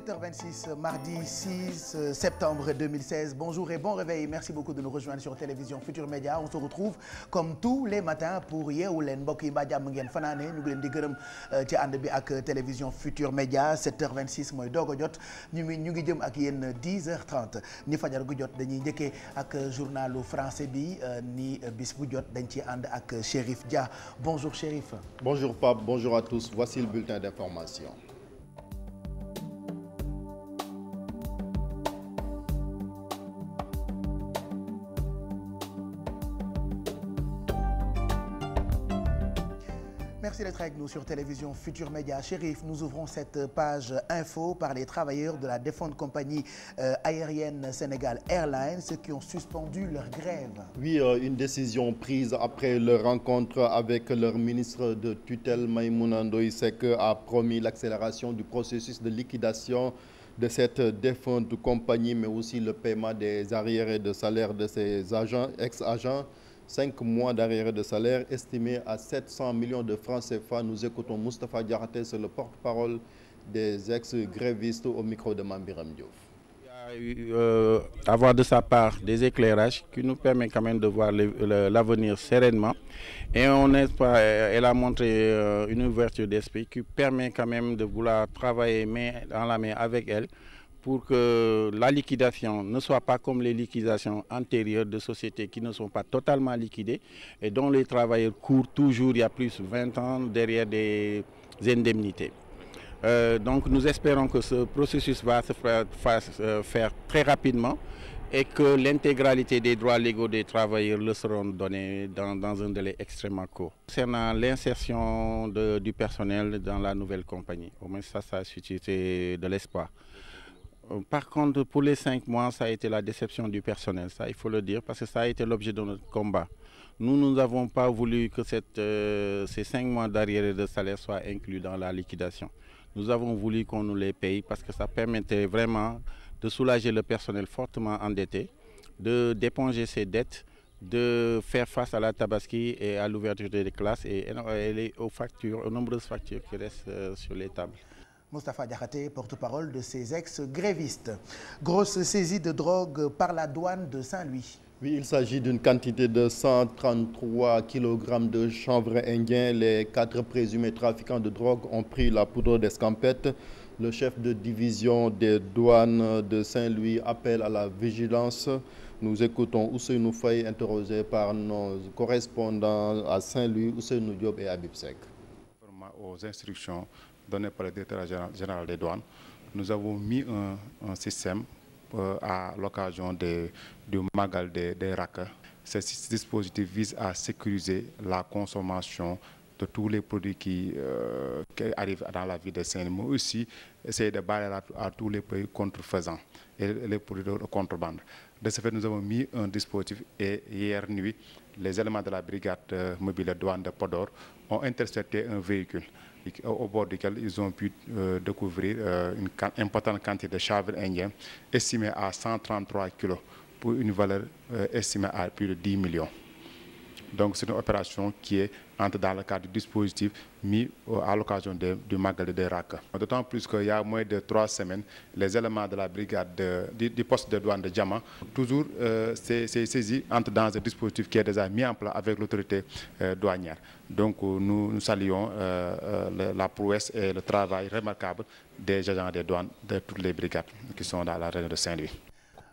7h26, euh, mardi 6 euh, septembre 2016. Bonjour et bon réveil. Merci beaucoup de nous rejoindre sur Télévision Futur Média. On se retrouve comme tous les matins pour Yeewu Leen mbokk yi mbaa jàmm ngeen fanaane ñu ngi leen di gërëm euh, ci ànd bi ak Télévision Futur Média 7h26 mooy doog a jot ñu ngi ñu ngi jëm ak yéen 10h30 ni fajar gu jot dañuy njëkkee ak journalu français bi ni bis bu jot dañ ci ànd ak Chérif Dia. Bonjour Chérif. Bonjour Pape, bonjour à tous. Voici le bulletin d'information. d'être avec nous sur Télévision Futur Média. Chérif, nous ouvrons cette page info par les travailleurs de la défunte compagnie euh, aérienne Sénégal Airlines qui ont suspendu leur grève. Euh, une décision prise après leur rencontre avec leur ministre de tutelle Maïmouna Ndoye Seck a promis l'accélération du processus de liquidation de cette défunte compagnie mais aussi le paiement des arriérés de salaire de ses agents, ex-agents. cinq mois d'arriérés de salaire estimés à 700 millions de francs CFA. Nous écoutons Moustapha Diarraté, c'est le porte-parole des ex-grévistes au micro de Mambiram Diouf. Eu, euh, avoir de sa part des éclairages qui nous permettent quand même de voir l'avenir sereinement. Et on est pas, elle a montré euh, une ouverture d'esprit qui permet quand même de vouloir travailler main dans la main avec elle pour que la liquidation ne soit pas comme les liquidations antérieures de sociétés qui ne sont pas totalement liquidées et dont les travailleurs courent toujours il y a plus de 20 ans derrière des indemnités. Euh, donc nous espérons que ce processus va se faire, euh, faire très rapidement et que l'intégralité des droits légaux des travailleurs le seront donnés dans, dans un délai extrêmement court. Concernant l'insertion du personnel dans la nouvelle compagnie, au moins ça, ça a suscité de l'espoir. Euh, par contre, pour les cinq mois, ça a été la déception du personnel, ça il faut le dire, parce que ça a été l'objet de notre combat. Nous, nous n'avons pas voulu que euh, ces cinq mois d'arriérés de salaire soient inclus dans la liquidation. Nous avons voulu qu'on nous les paye parce que ça permettait vraiment de soulager le personnel fortement endetté, de d'éponger ses dettes, de faire face à la tabaski et à l'ouverture des classes et, et, et aux factures, nombreuses factures qui restent euh, Moustapha Diakhaté, porte de ces ex-grévistes. Grosse saisie de drogue par la douane de Saint-Louis. Oui, il s'agit d'une quantité de 133 kg de chanvre indien. Les quatre présumés trafiquants de drogue ont pris la poudre d'escampette. Le chef de division des douanes de Saint-Louis appelle la vigilance. Nous écoutons Ousseinou Faye interrogé par nos correspondants à Saint-Louis, Ousseinou Diop et Abib Sek. Aux donnée par le directeur général des douanes, nous avons mis un, un système euh, à l'occasion du Magal des, des RAC. Ce dispositif vise à sécuriser la consommation de tous les produits qui, euh, qui arrivent dans la vie des saint mais aussi essayer de barrer à, à, tous les produits contrefaisants et les produits de contrebande. De ce fait, nous avons mis un dispositif et hier nuit, les éléments de la brigade euh, mobile douane de Podor ont intercepté un véhicule. au bord duquel ils ont pu euh, découvrir euh, une importante quantité de charbon indien estimée à 133 kilos pour une valeur euh, estimée à plus de millions. Donc c'est une opération qui est entre dans le cadre du dispositif mis euh, à l'occasion du Magal de Raka. D'autant plus qu'il y a moins de trois semaines, les éléments de la brigade de, du, du, poste de douane de Diamant, toujours euh, c'est saisi, entre dans un dispositif qui est déjà mis en place avec l'autorité euh, douanière. Donc euh, nous, nous saluons euh, la prouesse et le travail remarquable des agents des douanes de toutes les brigades qui sont dans la région de Saint-Louis.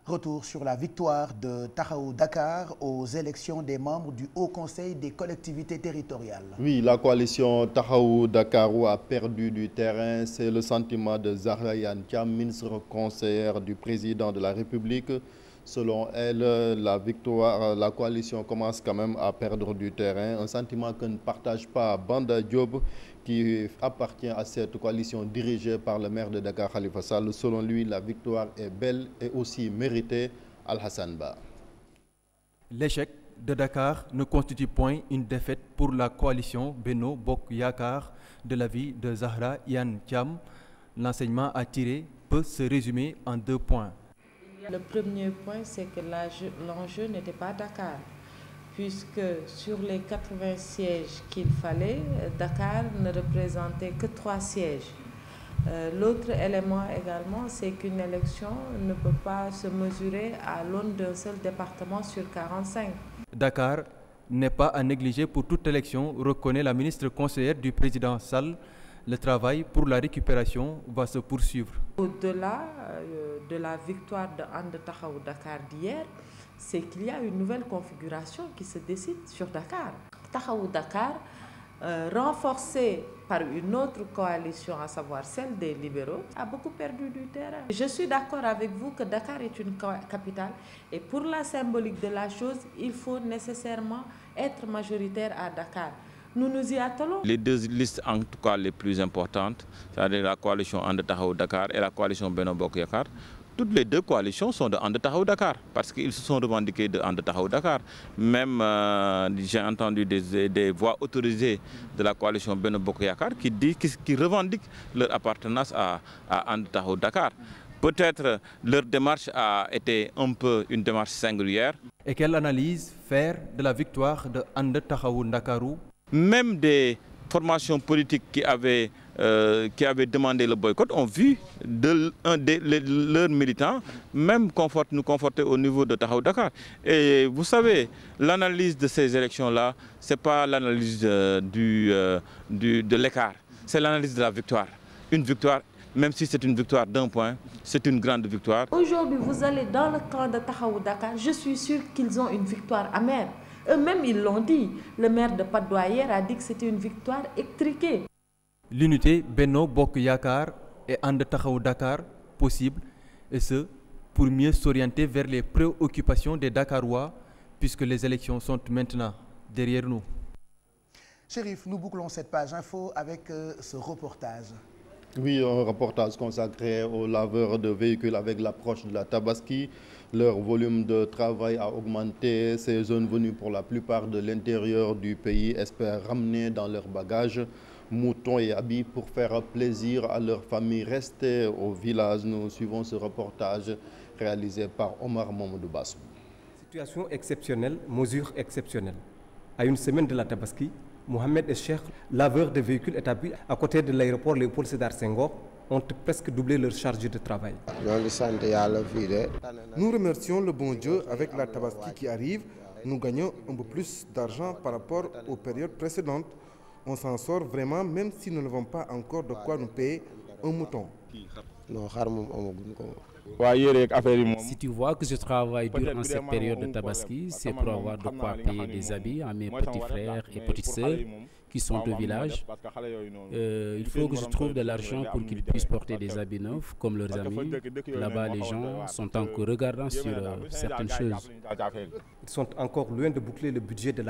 Retour sur la victoire de Taxawu Dakar aux élections des membres du Haut Conseil des collectivités territoriales. Oui, la coalition Taxawu Dakar a perdu du terrain, c'est le sentiment de Zahra Iyane Thiam, ministre conseillère du président de la République. Selon elle, la victoire, la coalition commence quand même à perdre du terrain, un sentiment que ne partage pas Banda Diop qui appartient à cette coalition dirigée par le maire de Dakar Khalifa Sall. Selon lui, la victoire est belle et aussi méritée. Al-Hassan L'échec de Dakar ne constitue point une défaite pour la coalition Beno Bok Yakar de la vie de Zahra Yann Thiam. L'enseignement à tirer peut se résumer en deux points. Le premier point, c'est que l'enjeu n'était pas Dakar. puisque sur les 80 sièges qu'il fallait, euh, Dakar ne représentait que 3 sièges. Euh, L'autre élément également, c'est qu'une élection pas se mesurer à l'aune d'un seul département sur 45. Dakar n'est pas à négliger pour toute élection, reconnaît la ministre conseillère du président Sall. Le travail pour la récupération va se poursuivre. Au-delà euh, de la victoire de Ande Dakar d'hier, c'est qu'il y a une nouvelle configuration qui se décide sur Dakar. Taxawu Dakar euh, renforcée par une autre coalition, à savoir celle des libéraux, a beaucoup perdu du terrain. Je suis d'accord avec vous que Dakar est une capitale et pour la symbolique de la chose, il faut nécessairement être majoritaire à Dakar. Nous nous y attelons. Les deux listes en tout cas les plus importantes, c'est-à-dire la coalition And Taxawu Dakar et la coalition Benno Bokk Yakaar toutes les deux coalitions sont de And Tahaou Dakar, parce qu'ils se sont revendiqués de And Tahaou Dakar. Même, euh, j'ai entendu des, des, voix autorisées de la coalition Beno Bokoyakar qui, dit, qui, qui revendiquent leur appartenance à, à And Tahaou Dakar. Peut-être leur démarche a été un peu une démarche singulière. Et quelle analyse faire de la victoire de And Tahaou Dakaru Même des formations politiques qui avaient euh, qui avaient demandé le boycott ont vu de, un de, de leurs militants même conforte, nous conforter au niveau de Tahaou Dakar. Et vous savez, l'analyse de ces élections-là, ce n'est pas l'analyse euh, du, euh, du, de l'écart, c'est l'analyse de la victoire. Une victoire même si c'est une victoire d'un point, c'est une grande victoire. Aujourd'hui, vous allez dans le camp de Tahaou Dakar, je suis sûr qu'ils ont une victoire amère. Eux-mêmes, ils l'ont dit. Le maire de Padoyer a dit que c'était une victoire étriquée. l'unité Benno Bokk Yaakaar et ànd taxawu Dakar possible et ce pour mieux s'orienter vers les préoccupations des Dakarois puisque les élections sont maintenant derrière nous. Chérif, nous bouclons cette page info avec euh, ce reportage. Oui, un reportage consacré aux laveurs de véhicules avec l'approche de la Tabaski. Leur volume de travail a augmenté. Ces jeunes venus pour la plupart de l'intérieur du pays espèrent ramener dans leurs bagages moutons et habits pour faire plaisir à leurs familles restées au village. Nous suivons ce reportage réalisé par Omar Mamadou Bassou. Situation exceptionnelle, mesure exceptionnelle. À une semaine de la Tabaski, Mohamed et Cheikh, laveurs de véhicules établis à côté de l'aéroport Léopold Sédar Senghor, ont presque doublé leur charge de travail. Nous remercions le bon Dieu avec la Tabaski qui arrive. Nous gagnons un peu plus d'argent par rapport aux périodes on s'en sort vraiment même si nous n'avons pas encore de quoi nous payer un mouton. non xar moom si tu vois que je travaille durant cette période de tabaski c'est pour avoir de quoi payer des habits à mes petits frères et petites sœurs qui sont au village euh, il faut que je trouve de l'argent pour qu'ils puissent porter des habits neufs comme leurs amis là-bas les gens sont encore regardants sur euh, certaines choses. ils sont encore loin de boucler le budget de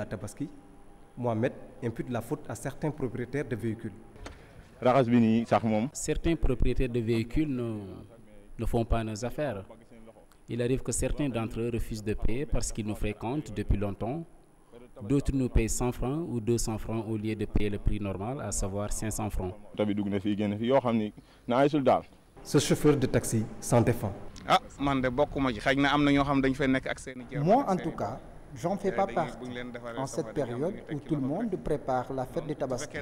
Mohamed impute la faute à certains propriétaires de véhicules. Certains propriétaires de véhicules ne, ne font pas nos affaires. Il arrive que certains d'entre eux refusent de payer parce qu'ils nous fréquentent depuis longtemps. D'autres nous payent 100 francs ou 200 francs au lieu de payer le prix normal, à savoir 500 francs. Ce chauffeur de taxi s'en défend. Ah, Moi, en tout cas, j'en fais eh, pas partie en cette période où tout le monde prépare la fête de Tabaski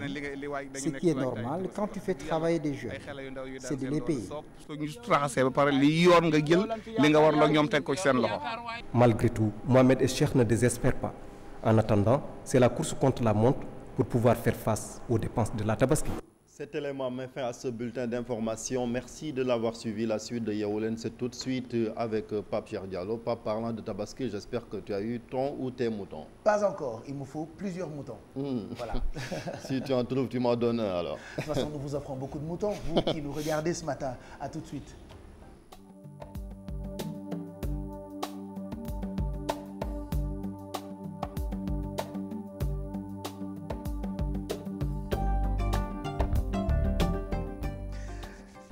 ce qui est normal quand tu fais travailler des jeunes c'est de les payer. Malgré tout Mohamed et Cheikh ne désespèrent pas en attendant c'est la course contre la montre pour pouvoir faire face aux dépenses de la Tabaski. Cet élément met fin à ce bulletin d'information. Merci de l'avoir suivi. La suite de Yaoulen, c'est tout de suite avec euh, Pape Cher Diallo. Pape, parlant de Tabaski, j'espère que tu as eu ton ou tes moutons. Pas encore. Il me faut plusieurs moutons. Mmh. Voilà. si tu en trouves, tu m'en donnes un alors. De toute façon, nous vous offrons beaucoup de moutons. Vous qui nous regardez ce matin, à tout de suite.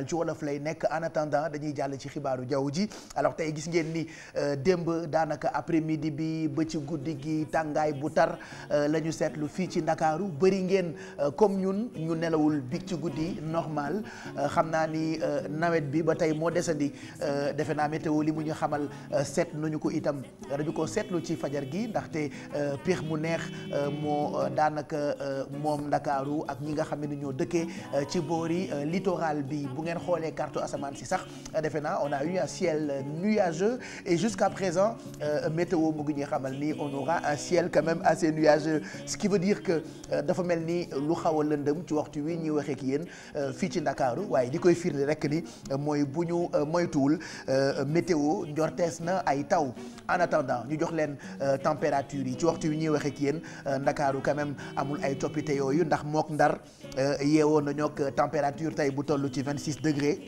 journal ci wolof lay nekk en attendant dañuy jàll ci xibaaru jaww ji alors tey gis ngeen ni euh, démb daanaka après midi bi ba ci guddi gi tàngaay bu tar euh, la ñu seetlu fii ci ndakaaru bëri ngeen euh, comme ñun ñu nelawul big ci guddi normal xam naa ni nawet bi ba tey moo desandi defe naa météo li mu ñu xamal seet nañu ko itam dañu ko seetlu ci fajar gi ndaxte piix mu neex moo daanaka moom ndakaaru ak ñi nga xam ne ñoo dëkkee ci boori littoral bi bu ngeen xoolee carte asamaan si sax defe naa on a eu un ciel nuageux et jusqu'à présent euh, météo mu ngi xamal ni on aura un ciel quand même assez nuageux ce qui veut dire que euh, dafa mel ni lu xaw a lëndëm ci waxtu wi ñuy waxee ak yéen euh, fii ci Ndakaaru waaye di koy firnde rek ni mooy bu ñu moytuwul météo njortees na ay taw en attendant ñu jox leen température yi ci waxtu wi ñuy waxee ak yéen Ndakaaru quand amul ay coppite yooyu ndax mook Ndar yeewoon nañoo ak température 26 degrés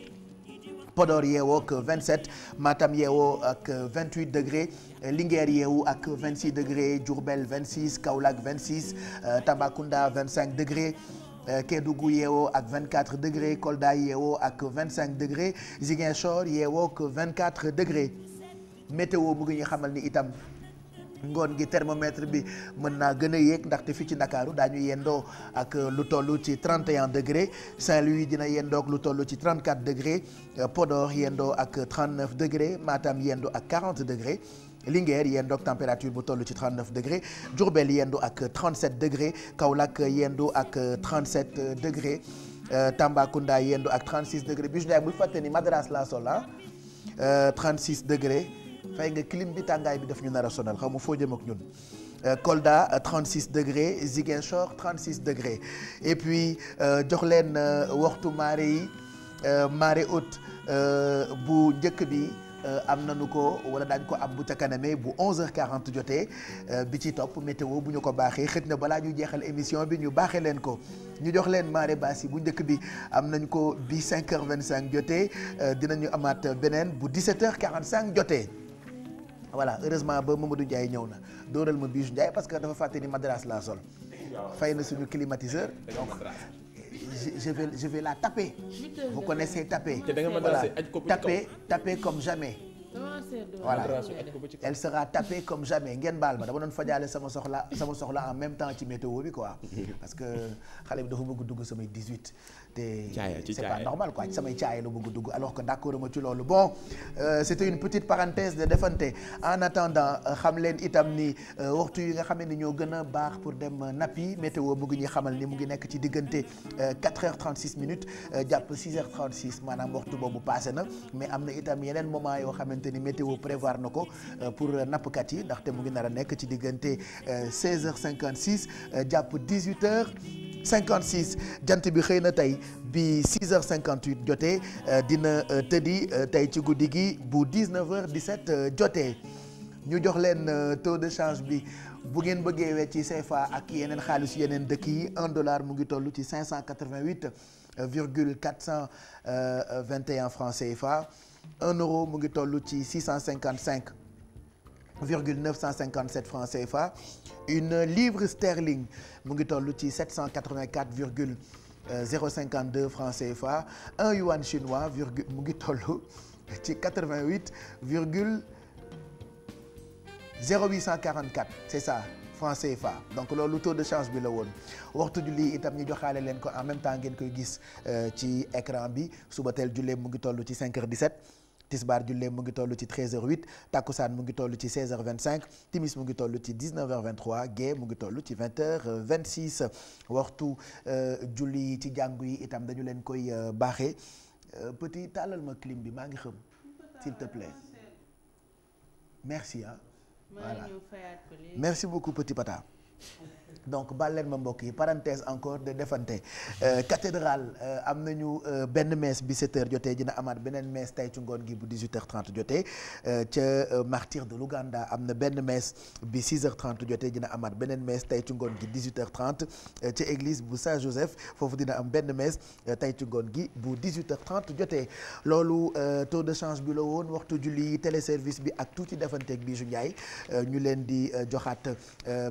Podor yeewoo ak 27 Matam yeewoo ak 28 degré Linguère yeewu ak 26 degré Diourbel 26 Kaolack 26 euh, Tambacounda 25 degré euh, Kédougou yeewoo ak 24 degré Kolda yeewoo ak 25 degré Ziguinchor yeewoo ak 24 degré météo mu ngi ñu xamal ni itam. ngoon gi thermomètre bi mën naa gën a yéeg ndaxte fi ci Ndakaaru daañu yendoo ak lu toll ci 31 degré Saint-Louis dina yendoo ak lu toll ci 34 degré Podor yendoo ak 39 degré Matam yendoo ak 40 degré Linguère yendu ak température bu toll ci 39 degré Diourbel yendu ak 37 degré Kaolack yendu ak 37 degré euh, Tambacounda yendu ak trent 36 degré bi ju ne bul fàtte ni madras laa sol 36 euh, degré fay nga kilim bi tàngaay bi daf ñu nara a sonal xaw ma foo jëm ak ñun. Euh, Kolda 36 euh, degré Ziguinchor 36 degré et puis euh, jox leen waxtu marée yi marée haute bu njëkk bi. am nañu ko wala daañ ko am bu ca kaname bu 11h40 jotee bi ci topp météo bu ñu ko baaxee xëj na balaa ñu jeexal émission bi ñu baaxee leen ko ñu jox leen marée basse yi bu njëkk bi am nañ ko bi 5h25 jotee dinañu amaat beneen bu 17h45 jotee. voilà heureusement ba Mamadou Ndiaye ñëw na dóoral ma Bijou Ndiaye parce que dafa fàtte ni madras laa sol fay na suñu climatiseur donc je vais je vais la taper vous connaissez taper voilà comme jamais voilà elle sera tapée comme jamais ngeen baal ma dama doon fajaale sama soxla sama soxla en même temps ci météo bi quoi parce que xale bi dafa bëgg dugg samay 18 te c'est pas normal quoi samay caaya la bëgg dugg alors que d'accord ma ci loolu bon euh, c'était une petite parenthèse de defante en attendant xam leen itam ni euh, waxtu yi nga xam ne ñoo gën a baax pour dem yi météo mu ngi ñuy xamal ni mu ngi nekk ci diggante 4 euh, heures 36 minutes jàpp 6 heures 36 maanaam waxtu boobu passé na mais am na itam yeneen moment yoo xamante ni météo prévoir na ko pour nappkat yi ndaxte mu ngi nar nekk ci diggante 16 heures 56 jàpp 18 heures 56 jant bi xëy na tey bi 6h58 jotee euh, dina euh, tëddi euh, tey ci guddi gi bu 19h17 jotee ñu jox leen taux de change bi bu ngeen bëggee wecci CFA ak yeneen xaalis yeneen dëkk yi 1 dollar mu ngi toll ci 588 virgule 421 francs CFA 1 euro mu ngi toll ci 655 virgule 957 francs CFA une livre sterling mu ngi toll ci 784 virgule 0,52 euh, francs CFA 1 yuan chinois virgule mu ngi toll ci 88 virgule 0,844 c'est ça francs CFA donc loolu taux de change bi la woon waxtu julli itam ñu joxaale leen ko en même temps ngeen koy gis euh, ci écran bi suba teel jullee mu ngi toll ci 5h17. tisbaar jullee mu ngi toll ci 13h08 takkusaan mu ngi toll ci 16 timis mu ngi toll ci 19 h mu ngi toll ci 20 waxtu euh, julli yi ci jàngu yi itam dañu leen koy euh, baaxee euh, petit tàllal ma clim bi maa ngi xam s'il te plaît merci beaucoup petit pata donc baal leen ma mbokk yi parenthèse encore de defante euh, cathédrale euh, am na nañu euh, benn messe bi 7 jotee dina amaat beneen messe tay ci ngoon gi bu 18h30 ca martyr de l'Ouganda am na benn messe bi 6h30 dina amaat beneen messe tay ci ngoon gi 18h30 ca église bu Saint-Joseph foofu dina am benn messe tay ci ngoon gi bu 18h30 jotee loolu taux de change bi la woon waxtu julli téléservice bi ak tuuti defanteeg Bijou Ndiaye ñu leen di joxaat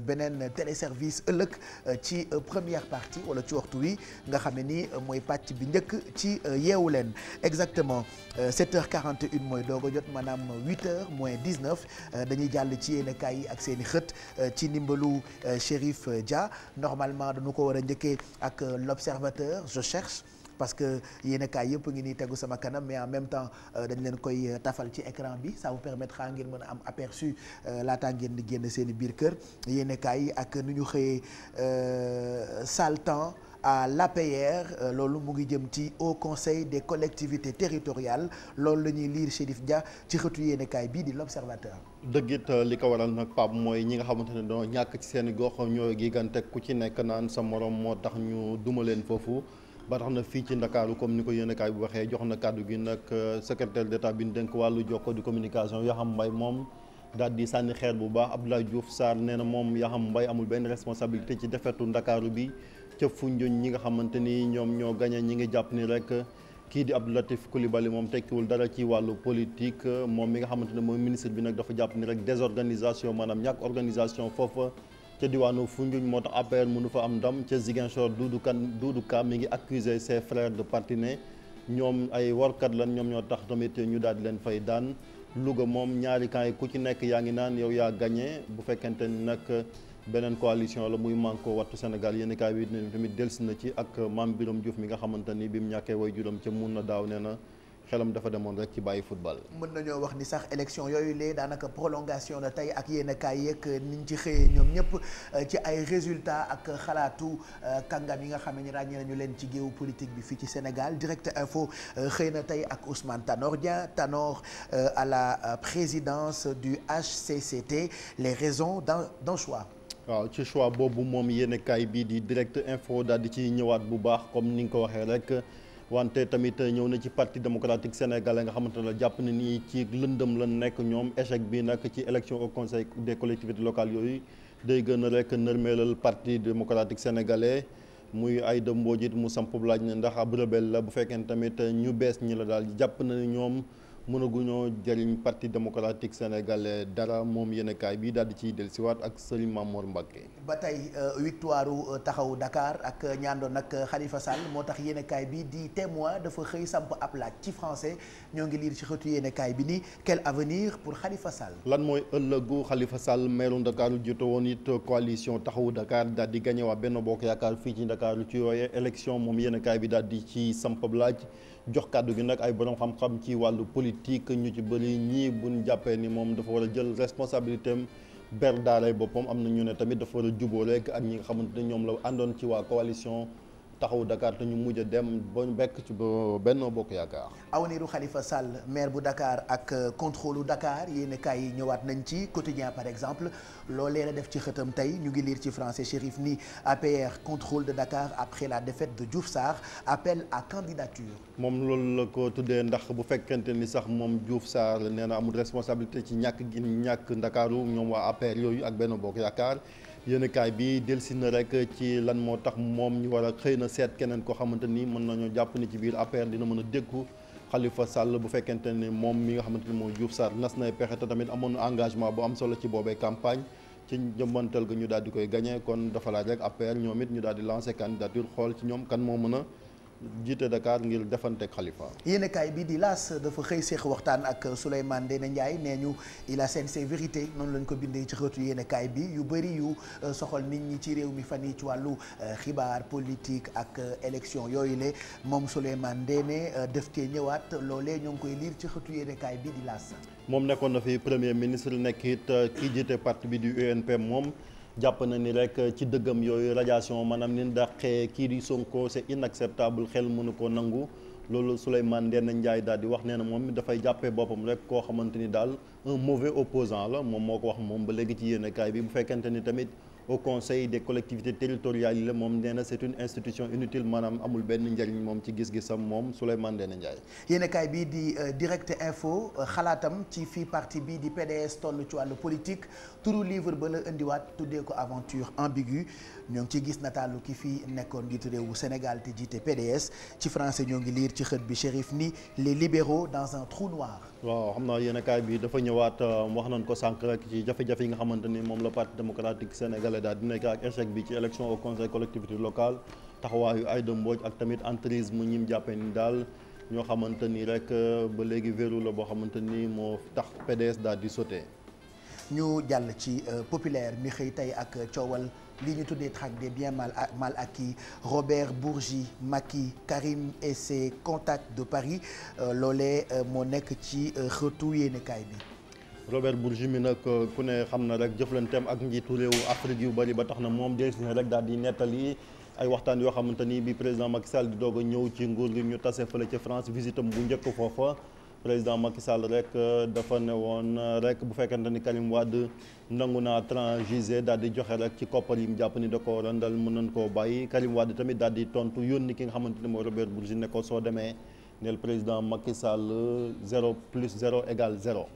beneen téléservice ëllëg euh, ci euh, première partie wala ci waxtu wi nga xam ne nii euh, mooy pàcc bi njëkk ci yeewu leen exactement 7h41 mooy doog a jot maanaam 8h moins 19 dañuy jàll ci yéen kaay yi ak seen i xët ci ndimbalu Chérif Dia normalement dañu ko war a njëkkee ak l'observateur je cherche. parce que yéen kaay yëpp ngi nii tegu sama kanam mais en même temps euh, dañ leen koy euh, tafal ci écran bi ça vous permettra ngeen mën a am aperçu euh, laataa ngeen di génn seeni biir kër yéen kaay yi ak nu ñu xëyee saltan à l'APR loolu mu ngi jëm ci Haut Conseil des collectivités territoriales loolu la ñuy liir Chérif Dia ci xëtu yéenekaay bii di l'Observateur dëggit li ko waral nag Pape mooy ñi nga xamante ne doo ñàkk ci seen i gox ñoo gi gante ku ci nekk naan sa morom moo tax ñu duma leen foofu ba tax na fii ci ndakaaru comme ni ko yéenekaay bi waxee jox na kàddu gi nag euh, secrétaire d'état bi ñu dénk wàllu jokko di communication Yaxam Mbaye moom dal di sànni xeer bu baax Abdoulaye Diouf saar nee na moom Yaxam mbay amul benn responsabilité ci defetu ndakaaru bi ca Foundiougne ñi nga xamante ni ñoom ñoo gañe ñi ngi jàpp ni rek kii di Abdou Latif Coulibaly moom tekkiwul dara ci wàllu politique moom mi nga xamante ne mooy ministre bi nag dafa jàpp ni rek désorganisation maanaam ñàkk organisation foofa ca diwaanu fu Foundiougne moo tax APR mënu fa am ndam ca Ziguinchor Doudou Kane Doudou Ka mi ngi accusé ses frères de partiner ñoom ay warkat lan ñoom ñoo tax tamit ñu daal di leen fay daan Louga moom ñaari camp yi ku ci nekk yaa ngi naan yow yaa gagné bu fekkente ni nag beneen coalition la muy Manko Wattu Sénégal yéen kaay bi tamit delsi na ci ak Mame Biram Diouf mi nga xamante ni bi mu ñàkkee way juróom ca mun na daaw nee na xelam dafa demoon rek ci bàyyi football. mën nañoo wax ni sax élection yooyu lee daanaka prolongation na tey ak yenn kaay yeeg niñ ci xëyee ñoom ñëpp euh, ci ay résultat ak xalaatu euh, kàngam yi nga xam ne ràññee nañu leen ci géew politique bi fii ci Sénégal direct info euh, xëy na tey ak Ousmane Tanor Dia Tanor à la présidence du HCCT les raisons d'un d'un choix. waaw ci choix boobu moom yéen kaay bii di direct info daal di ci ñëwaat bu baax comme ni nga ko waxee rek. wante tamit ñëw na ci parti démocratique sénégalais nga xamante ne jàpp na ni ci lëndëm la nekk ñoom échec bi nag ci élection au conseil des collectivités locales yooyu day gën a rek nërmeelal parti démocratique sénégale muy ay dëmboo jiit mu samp laaj ne ndax ab rebelle la bu fekkee tamit ñu bees ñi la daal jàpp na ni ñoom. mënaguñoo jëriñ parti démocratique sénégalais dara moom yéenekaay bi daal di ciy dellusiwaat ak Serigne Mamour Mbacké. ba tey euh, victoire euh, taxawu Dakar ak euh, ñaandoon nag xalifa Sall moo tax yéenekaay bi di témoin dafa xëy samp ab laaj ci français ñoo ngi liir ci xëtu yéenekaay bi ni quel avenir pour Khalifa Sall. lan mooy ëllëgu Khalifa Sall meeru Dakar jiite woon it coalition taxawu Dakar daal di gagné benn bokk yaakaar fii ci Dakar ci yooyee élection moom yéenekaay bi daal di ci samp ab laaj. jox kàddu gi nag ay borom xam-xam ci wàllu politique ñu ci bëri ñii buñ jàppee ni moom dafa war a jël responsabilité am ber daaray boppam am na ñu ne tamit dafa war a jubóole ak ñi nga xamante ne ñoom la àndoon ci waa coalition taxawu Dakar te ñu mujj a dem ba ñu bekk ci Benno Bokk Yaakaar. awniru xalifa Sall maire bu Dakar ak euh, contrôle Dakar yéen kaay yi ñëwaat nañ ci quotidien par exemple loolee la def ci xëtam tey ñu ngi liir ci français Chérif ni APR contrôle de Dakar après la défaite de Diouf Sarr appel à candidature. moom loolu la ko tuddee ndax bu fekkente ni sax moom Diouf Sarr nee na amul responsabilité ci ñàkk gi ñàkk Ndakaaru ñoom waa APR yooyu ak Benno Bokk Yaakaar. yéen kaay bi delsi na rek ci lan moo tax moom ñu war xëy na seet keneen koo xamante ni mën nañoo jàpp ni ci biir APR dina mën a déggu xalifa Sall bu fekkente ne moom mi nga xamante ni mooy Diouf Sarr nas nay pexe tamit amoon engagement bu am solo ci boobee campagne ci jëmbantal ga ñu daal di koy gagné kon dafa laaj rek APR ñoom it ñu daal di lancé candidature xool ci ñoom kan moo mën jiite Dakar ngir defante xalifa yéen kaay bi di laas dafa xëy seex waxtaan ak Souleymane Ndéné Ndiaye nee ñu il a seen ses vérités noonu lañ ko bindee ci xëtu yéen kaay bi yu bëri yu euh, soxal nit ñi ci réew mi fan yi ci wàllu euh, xibaar politique ak euh, élection yooyu le moom Souleymane Ndéné def cee ñëwaat loolee ñoo ngi koy liir ci xëtu yéen kaay bi di laas. moom nekkoon na fi premier ministre nekk it ki jiite parti bi di UNP moom. jàpp na ni rek ci dëggam yooyu radiation maanaam ni dàqee kii di Sonko c'est inacceptable xel mënu ko nangu loolu Souleymane Ndéné Ndiaye daal di wax nee na moom dafay jàppee boppam rek koo xamante ni daal un mauvais opposant la moom moo ko wax moom ba léegi ci yéenekaay bi bu fekkente ni tamit au conseil des collectivité territoriales yi la moom nee na c'est une institution inutile maanaam amul benn njariñ moom ci gis-gisam moom Souleymane Ndéné Ndiaye yéen kaay bii di euh, direct info euh, xalaatam ci fii parti bii di PDS toll ci wàllu politique tour livre ba la indiwaat tuddee ko aventure ambiguë ñoo ngi ci gis nataalu kii fi nekkoon njiitu réewu Sénégal te jiite PDS ci français ñoo ngi liir ci xët bi Chérif ni li libéraux dans un trou noir. waaw xam naa yéen a kaay bi dafa ñëwaat um, wax nañ ko sànq rek ci jafe-jafe yi nga xamante ni moom la parti démocratique sénégalais daal di nekk ak échec bi ci élection au conseil collectivité locale ay Aïda Mbodj ak tamit entreprise mu ñim jàppee ni daal. ñoo xamante ni rek uh, ba léegi verrou la boo xamante ni moo tax PDS daal di sauté. ñu jàll ci uh, populaire mi xëy tey ak coowal. li ñu tuddee traque des biens mal mal acquis Robert Bourgi Macky Karim et ses contacts de Paris euh, loolee euh, moo nekk ci euh, xëtu yéenekaay bi. Robert Bourgi mi nag ku ne xam na rek jëflanteem ak njiitu réewu Afrique yu bari ba tax na moom dellusi na rek daal di nettali ay waxtaan yoo xamante ni bi président Macky Sall di doog a ñëw ci nguur gi ñu tase fële ci France visitam bu njëkk foofa. président Macky Sall rek euh, dafa ne woon euh, rek bu fekkente ni Karim Wade nangu naa transiger daal di joxe rek ci koppar yi mu jàpp ni da koo randal mën nañ koo bàyyi Karim Wade tamit daal di tontu yónni ki nga xamante ni mooy Robert Bourgi ne ko soo demee neel président Macky Sall zéro plus zéro égal zéro.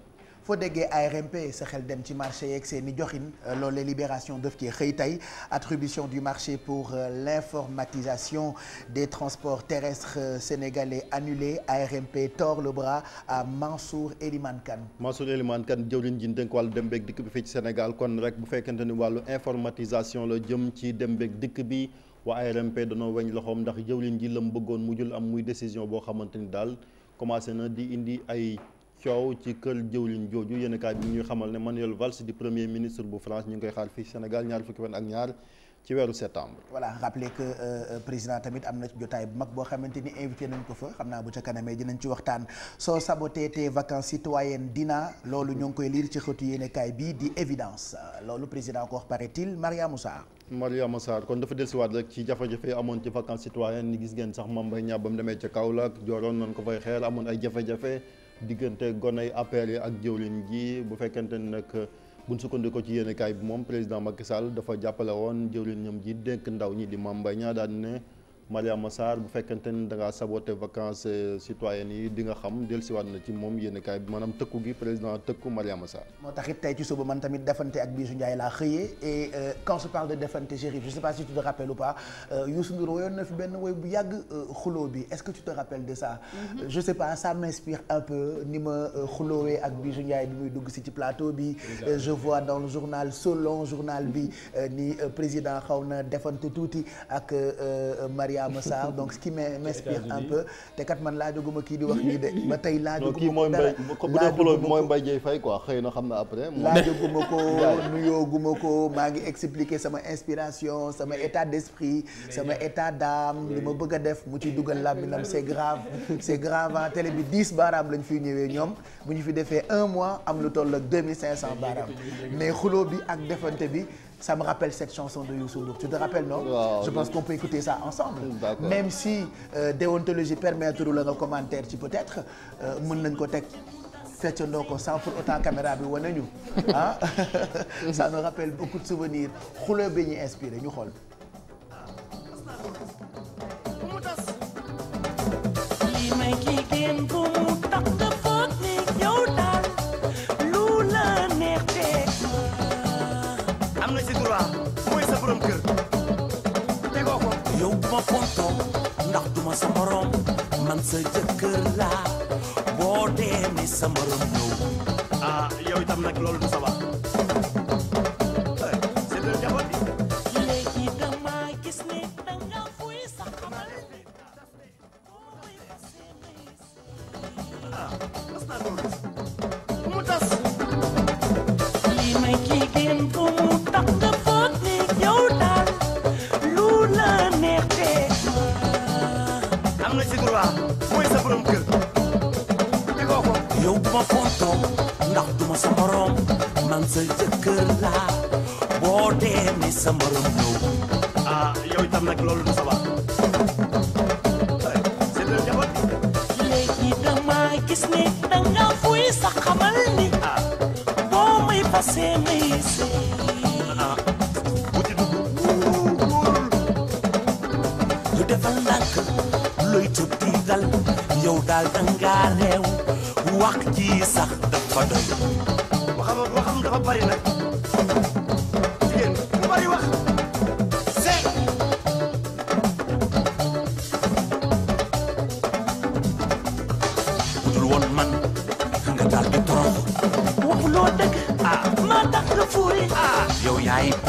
foo déggee ARMP sa xel dem ci marché yeeg seen i joxin euh, le libération def ci xëy tey attribution du marché pour euh, l'informatisation des transports terrestres euh, sénégalais annulé ARMP tord le bras à Mansour Eliman Kane. Mansour Eliman Kane jëwriñ ji dénk wàllu dem beeg dikk bi fii ci Sénégal kon rek bu fekkente ni wàllu informatisation la jëm ci dem beeg dikk bi. waa ARMP danoo weñ loxoom ndax jëwlin ji la mu bëggoon mu jul am muy décision boo xamante ni daal commencé na di indi ay coow ci kër jëwlin jooju yéen kaay bi ñuy xamal ne Manuel Valls di premier ministre bu France ñu ngi koy xaar fii Sénégal ñaar fukki fan ak ñaar ci weeru septembre. voilà rappelé que euh, euh, président tamit am na jotaay bu mag boo xamante ni invité nañ ko fa xam naa bu ca kanamee dinañ ci waxtaan soo saboté tes vacances citoyennes dina loolu ñoo ngi koy liir ci xëtu yéen kaay bii di évidence loolu président ko wax paraît-il Maria Moussa. Mariama Sarr kon dafa dellusiwaat rek ci jafe-jafe amoon ci vacances citoyennes ni gis ngeen sax Mame Mbaye Niang ba mu demee ca Kaolack jooroon nañ ko fay diggante gonay APR yi ak jëwlin ji bu fekkente ni nag buñ sukkandiku ci yéenekaay bi moom président Macky Sall dafa jàppale woon jëwlin ñoom ji dénk ndaw ñi di Mame Mbaye Niang ne Mariama Sarr bu fekkente ni da ngaa saboté vacances euh, citoyennes yi di nga xam dellusiwaat na ci moom yéen kaay bi maanaam tëkku gi président tëkku Mariama Sarr. moo tax it tey ci suba man tamit defante ak Bijou Ndiaye laa xëyee et euh, quand je parle de defante Chérif je sais pas si tu te rappelles ou pas euh, Youssou Ndour bu yàgg xuloo bi est-ce que tu te rappelles de ça. Mhm. je muy dugg si ci plateau bi. je vois dans le journal selon journal bi ni président xaw na defante tuuti ak Maria. Mariama Sarr donc ce qui m'inspire un peu te kat man laajaguma kii di wax nii de ba tey laajaguma ko dara laajaguma mooy Mbaye Dieye Faye quoi xëy na xam na après laajaguma ko nuyooguma ko maa ngi expliquer sama inspiration sama état d'esprit sama état d'âme li ma bëgg def mu ci dugal làmminam c'est grave c'est grave en télé bi dix baaraam lañ fi ñëwee ñoom bu ñu fi defee un mois am lu toll ak deux mille cinq cent baaraam mais xuloo bi ak defante bi ça me rappelle cette chanson de Youssou Ndour tu te rappelles non wow, je pense qu'on peut écouter ça ensemble D'accord. même si euh, déontologie permettre la nga commentaire ci peut-être euh, mën nañ ko teg feccandoo ko sans pour autant caméra bi wane ñu ah ça nous rappelle beaucoup de souvenirs xuloo bi ñuy inspiré ñu xool sama ponto ndax du sa morom man sa jëkkër laa boo dee ni sa morom yow ah yow itam nag loolu du sa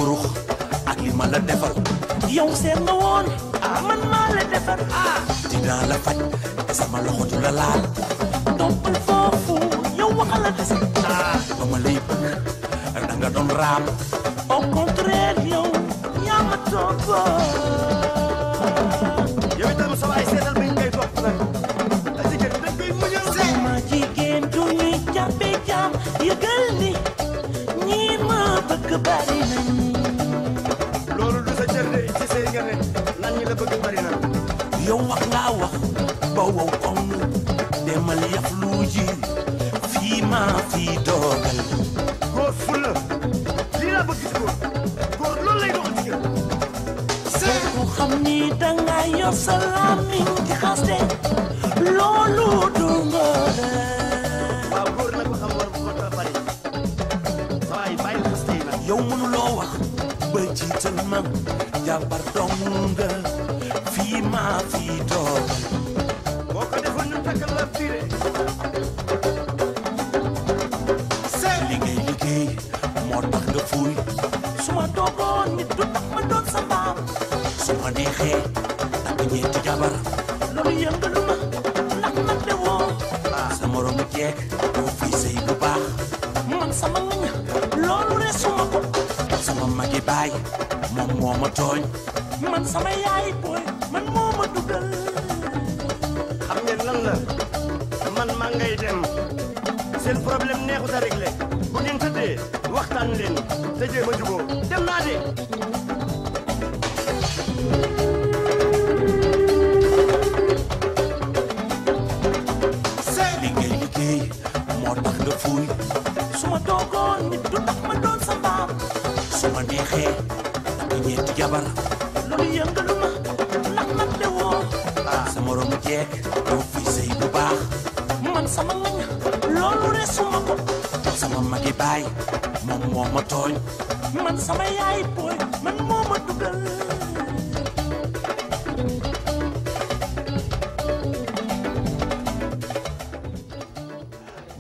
rux ak li ma la defal yow seet nga a ah, man maa la defal ah, dinaa la faj te sama loxo du la laal toppal foofu yow waxal la dese ah, ma lay bëgg da nga raam au contraire yow yaa ma toppal Everybody knows. ak ñi la bëgg bari na yow wax ngaa wax ba wow koŋ demal yaf lu ji fii maa fii doogal góor ful la lii laa bëgg ci góor góor loolu lay doxal jigéen sëy ku xam ni danga yor sa làmmiñ di xaste loolu du ngóore waaw góor nag xam war bu ko ta bari waaye bàyyi xaste yi nag yow mënuloo wax ba jiital man jàmbar dong fii maa fi doon ma tooñ man sama yaay booy man moo ma dugal xam ngeen lan la man maa ngay dem seen problème neexut a réglé bu ngeen tëddee waxtaan leen te jéem a jubóo dem naa de say liggéey liggéey moo ma doogoon nit du ma doon jabar loolu yëngalu ma ndax man de woo jeeg loolu resuma ko sama magi baay moom moo tooñ man sama yaay booy man moo ma dugal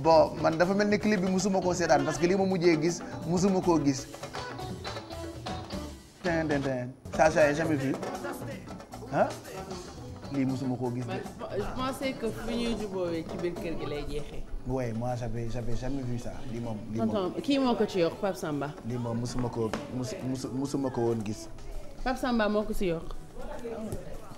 bon man dafa mel ni clip bi musuma koo seetaan parce que li ma mujjee gis musuma koo gis ça j'avais jamais vu ah lii mosuma koo gis. je pensais que fu ñuy jubóowee ci biir kër gi lay jeexee. oui moi j'avais j'avais jamais vu ça lii moom. lii moom kii moo ko ci yokk Pape Samba. lii moom mosuma koo mos mosuma ko woon gis. Pape Samba moo ko si yokk.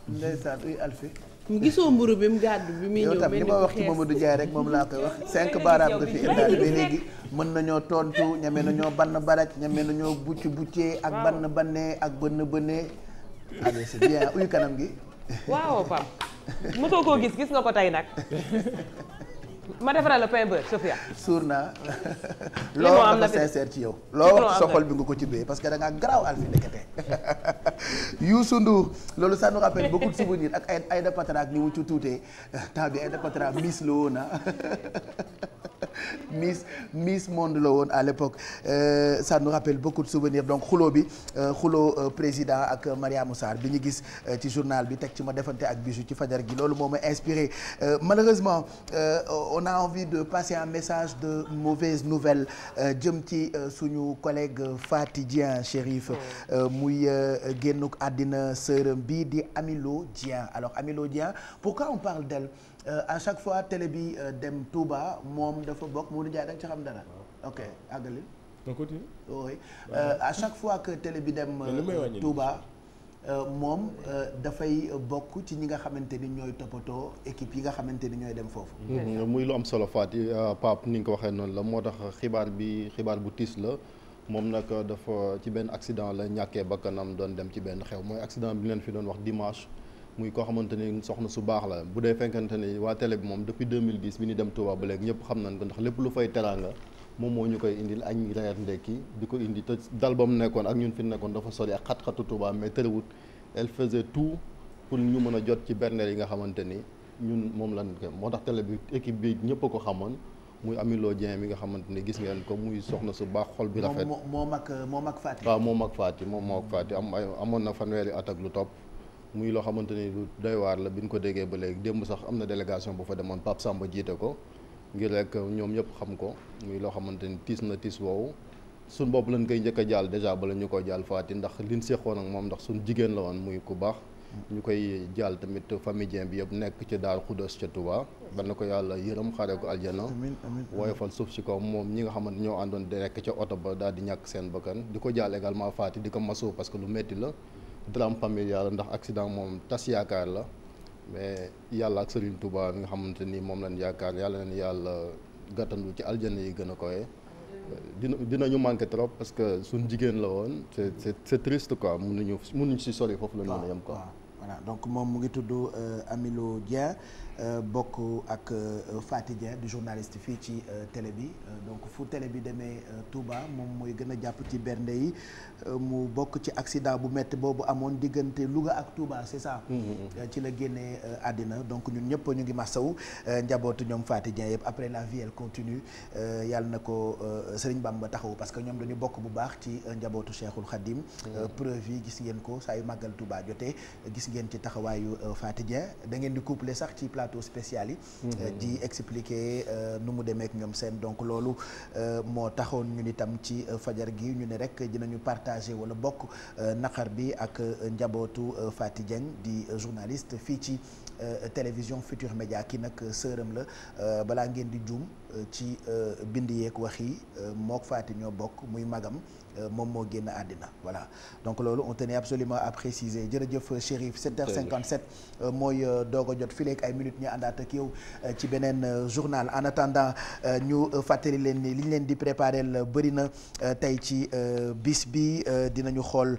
ndeysaan uy Alfie. gisoo mburu bi mu gàddu bi muy ñëw yow tam li ma wax ci du Ndiaye rek moom laa koy wax cinq baaraam nga fi indaal ba léegi mën nañoo tontu ñame nañoo bann baraj ñame nañoo bucc buccee ak bann bannee ak bënn bënnee allez c'est bien kanam gi waaw Pape mosoo koo gis gis nga ko tey nag ma defaral la pain Sofia. suur naa. loo am loo wax soxol bi nga ko tibbee parce que da ngaa garaaw Alphie ndekete. loolu ça nous rappelle beaucoup de souvenirs ay Aïda Patra ci tuutee temps bi Aïda Patra miss ah. la woon à l'époque euh, ça nous rappelle beaucoup de donc xuloo bi euh, xuloo euh, président ak Mariama Sarr bi ñu gis euh, ci journal bi teg ci ma defante ak bijou ci fajar gi loolu moo ma inspiré malheureusement. on a envie de passer un message de mauvaise nouvelle euh, jëm ci euh, suñu collègue euh, Faty jien Chérif muy génnuk àddina sërëm bi di Amilo Dieng alors Amilo Dieng pourquoi on parle d'elle à chaque fois télé bi dem Touba moom dafa bokk mu Ndiaye da nga ci xam dara ok àggali on chaque fois que télé bi dem Touba Euh, moom euh, dafay bokk ci ñi nga xamante ni ñooy toppatoo équipe yi nga xamante ni ñooy dem foofu. Mm-hmm. Euh, muy lu am solo Fati Pape ni nga ko waxee noonu la moo tax xibaar bi xibaar bu tiis la moom nag dafa ci benn accident la ñàkkee bakkanam doon dem ci benn xew mooy accident bi leen fi doon wax dimanche. muy koo xamante ni soxna su baax la bu dee fekkante ni waa télé bi moom depuis 2010 bi ñu dem Touba ba léegi nañ ndax lépp lu fay teraanga. moom moo ñu koy indil añ reer ndekki di ko indi te dal ba mu nekkoon ak ñun fi nekkoon dafa sori ak xat-xatu Touba mais tërëwut elle faisait tout pour ñu mën a jot ci berndeel yi nga xamante ni ñun moom lañ ko moo tax télé bi équipe bi ñëpp ko xamoon muy amiloo Dieng mi nga xamante ni gis ngeen ko muy soxna su baax xol bi rafet moo mag moo mag waaw moo mag Fati moom moo mag am ay amoon na fanweeri at ak lu topp muy loo xamante ni lu doy waar la bi ñu ko déggee ba léegi démb sax am na délégation bu fa demoon Pape Samba jiite ko ngir rek ñoom ñëpp xam ko muy loo xamante ni tiis na tiis woowu suñ bopp lañ koy njëkk jaal dèjà bala ñu ko jaal Faty ndax liñ seqoon ak moom ndax suñ jigéen la woon muy ku baax ñu koy jaal tamit famille bi yëpp nekk ci Daaru Xudoos ca Touba ban na ko yàlla yërëm xaaree ko aljana woyofal suuf si ko moom ñi nga xamante ñoo àndoon di rekk ca oto ba daal di ñàkk seen bakkan di ko jaal également Faty di ko masoo parce que lu metti la drame familial la ndax accident moom tas yaakaar la mais yàlla ak Serigne Touba mi nga xamante ni moom lañ yaakaar yàlla na nañ yàlla gàttandu ci aljana yi gën a koy dina dinañu manqué trop parce que suñ jigéen la woon c'est c'est c'est triste quoi mënuñu mënuñu si sori foofu la ñu mën a yem quoi. voilà donc moom mu ngi tudd euh, Amilo Dia. Euh, bokk ak euh, Faty Dieng di fii ci euh, télé bi donc fu télé bi demee Touba moom mooy gën a jàpp ci bernde yi mu bokk ci accident bu métti boobu amoon diggante Louga ak Touba c'est ça. Mm-hmm. ci la génne àddina donc ñun ñëpp ñu ngi masaw njabootu ñoom Faty Dieng yëpp après la vie elle continue yàlla na ko Serigne ba taxawu parce que ñoom dañu bokk bu baax ci njabootu Cheikhul Khadim. Mm-hmm. preuve gis ngeen ko saa yu màggal Touba jotee gis ngeen ci taxawaayu Faty Dieng plateau spéciale yi. Mhm. di expliquer euh, nu mu demeek ñoom seen donc loolu euh, moo taxoon ñu ni tam ci euh, fajar gi ñu ne rek dinañu partager wala bokk naqar bi ak njabootu Faty Dieng di journaliste fii ci télévision Futur Média ki nag sëram la balaa ngeen di juum ci bind yeeg wax yi mook Faty ñoo bokk muy magam. Euh, moom moo génn àddina voilà donc loolu on tenait absolument à préciser jërëjëf Chérif 7 euh, mooy euh, doog jot fileeg ay minutes ñu àndaat ak yow ci beneen journal en attendant ñu fàttali leen ni li ñu leen di préparer bëri na tey ci bis bi dinañu xool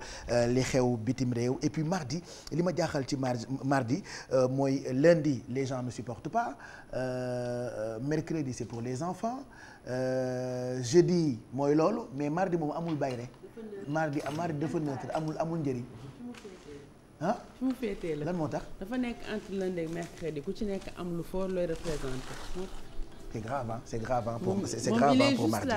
li xew bitim réew et puis mardi li ma jaaxal ci mar mardi mooy lundi les gens ne supportent pas mercredi c'est pour les enfants Euh, jeudi mooy loolu mais mardi moom amul bay rek mardi mardi dafa neutre amul amul njëriñ ah. fi mu la lan moo tax. dafa nekk entre lundi ak mercredi ku ci nekk am lu fort looy représenté. c'est grave ah c'est grave ah pour c'est grave pour mardi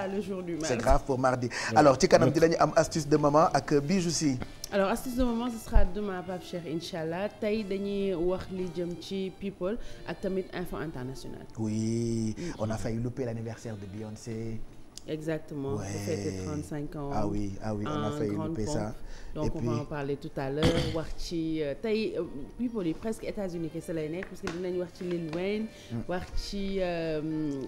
c'est grave pour mardi alors ci kanam dinañu am astuce de maman ak bijou si. alors astuce de maman ce sera demain Pape Cheikh incha allah tey dañuy wax li jëm ci people ak tamit info international. oui mm. on a failli louper l'anniversaire de Beyoncé. Exactement, ouais. pour fêter 35 ans. Ah oui, ah oui, on a failli louper ça. Donc, Et on puis... va tout à l'heure. wax ci euh, tey people euh, yi presque États-Unis kese lay nekk parce que dinañ wax ci Lil Wayne. Mm. Euh,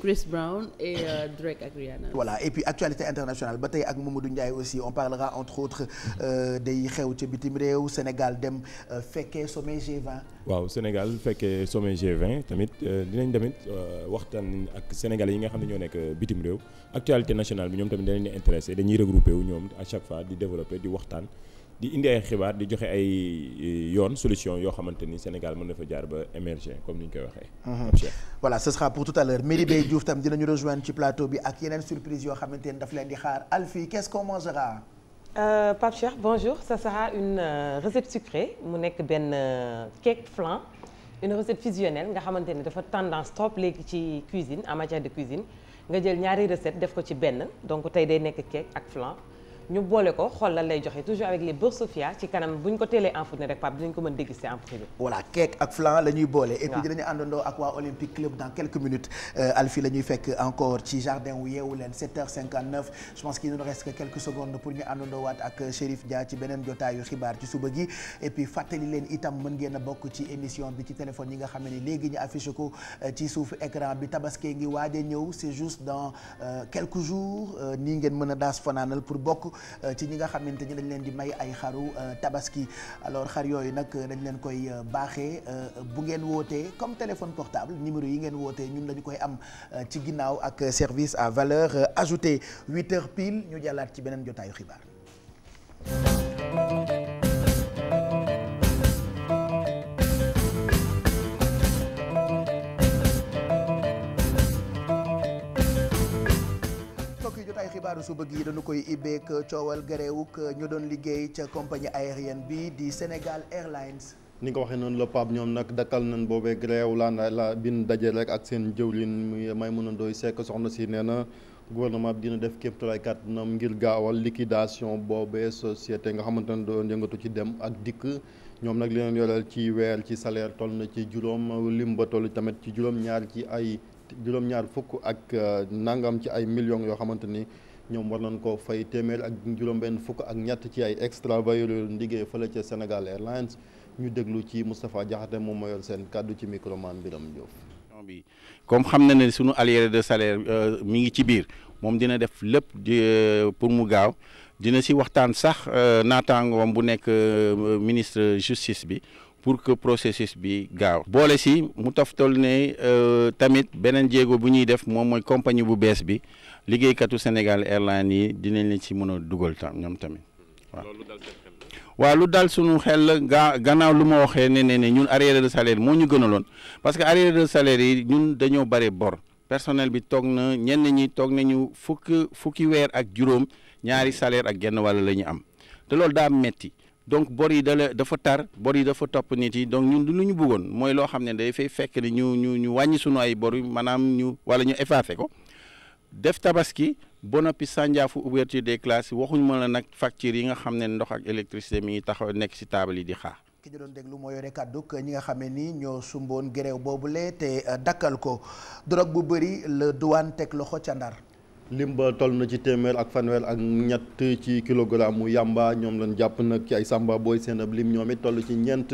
Chris Brown et euh, Drake ak Rihanna. voilà et puis actualité internationale ba tey ak moom du Ndiaye aussi on parlera entre autres euh, day xew ca bitim réew Sénégal dem euh, fekkee sommet G20. waaw Sénégal fekkee sommet G20 tamit euh, dinañ tamit waxtaan ak Sénégal yi nga xam ne ñoo nekk bitim réew actualité nationale bi ñoom tamit dinañ intéressé dañuy regroupé wu ñoom à chaque fois di développer di waxtaan. di indi ay xibaar di joxe ay eh, yoon solution yoo xamante ni Sénégal mën na fa jaar ba émerger comme ni ñu koy waxee. Mhm. voilà ce sera pour tout à l'heure Merry Beye Diouf tam dinañu rejoindre ci plateau bi ak yeneen surprise yoo xamante ni daf leen di xaar al qu'est-ce qu'on mangera. Euh, Pape Cheikh bonjour ça sera une euh, recette sucrée mu nekk benn euh, cake flan une recette fusionnelle nga xamante ni dafa tendance trop léegi ci cuisine en matière de cuisine nga jël ñaari recette def ko ci benn donc tey day nekk cake ak ñu boole ko xool lan lay joxe toujours avec les boursofia ci kanam bu ñu ko teelee enfourné rek Pape dinañ ak flan la ñuy boole et puis dinañu àndandoo ak waa Olympique Club dans quelques minutes euh, Alfi la fekk encore ci jardin wu yeewu leen 7h59 je pense qu'il ne reste que quelques secondes pour ñu àndandoo waat ak Chérif Dia ci beneen fàttali leen itam mën ngeen a bokk ci émission bi ci téléphone yi nga xam ne léegi ñu affiché ko euh, ci suufu écran bi tabaski ngi waaj a ñëw c'est juste dans euh, quelques jours nii ngeen mën a daas fanaanal pour bokk Euh, ci ñi nga xamante ni dañ leen di may ay xaru euh, tabaski alors xar yooyu nag euh, dañ leen koy baaxee bu ngeen wootee comme téléphone portable numéro yi ngeen wootee ñun dañu koy am ci ginnaaw ak service à valeur ajoutée huit heures pile ñu jàllaat ci beneen jotaayu xibaar xibaaru bëgg gi dañu koy ibbeek coowal gareewuk ñu doon liggéey ca compagnie aérienne bi di Sénégal Airlines. ni nga ko waxee noonu la Pape ñoom nag dakkal nañ boobee grève la la bin dajee rek ak seen jëwlin mën Maimouna Ndoye Seck soxna si nee na gouvernement bi dina def képp tolluwaay kàttanam ngir gaawal liquidation boobee société nga xamante ne doon yëngatu ci dem ak dikk ñoom nag li leen yoreel ci weer ci salaire toll na ci juróom lim ba toll tamit ci juróom ci ay juróom fukk ak euh, nangam ci ay millions yoo xamante ni. ñoom war nañ koo fay téeméer ak juróom fukk ak ñett ci ay ex travailleurs liggéey fële ca Sénégal Airlines ñu déglu ci Moustapha Diakhaté moom moo seen kàddu ci micro man Birame Diouf. bi comme xam na ne suñu arriéré de salaire euh, mi ngi ci biir moom dina def lépp euh, pour mu gaaw dina si waxtaan sax euh, naataangoom bu nekk ministre justice bi pour que processus bi gaaw boole si mu taf toftal ne tamit beneen jéego bu ñuy def moom mooy compagnie bu bees bi liggéeykatu Sénégal Airlines yi dinañ la ci mën a dugal tam ñoom tamit waaw. waaw lu dal suñu xel gaa gannaaw lu ma waxee ne ne ne ñun arriéré de salaire moo ñu gënaloon parce que arriéré de salaire yi ñun dañoo bare bor personnel bi toog na ñenn ñi toog nañu fukk fukki weer ak juróom ñaari salaire ak genn wàll la am te loolu daa metti donc bor yi da dafa tar bor yi dafa topp nit yi donc ñun lu ñu buggoon mooy loo xam ne day fay fekk ne ñu ñu ñu wàññi suñu ay bor yi maanaam ñu wala ñu effacé ko def tabaski ba noppi sànjaafu ouverture des classes waxuñ ma na nag facture yi nga xam ne ndox ak électricité mi ngi taxaw nekk ci taabal yi di xaar. ki ñu doon déglu moo yore kàddu ñi nga xamee ni ñoo sumboon boobu boobule te euh, dakkal ko drogue bu bëri la duwaan teg loxo ca Ndar. lim ba toll na ci téeméer ak fanweer ak ñett ci kilogramme mu yàmba ñoom lañ jàpp nag ci ay samba booy seen ab lim ñoom it toll ci ñeent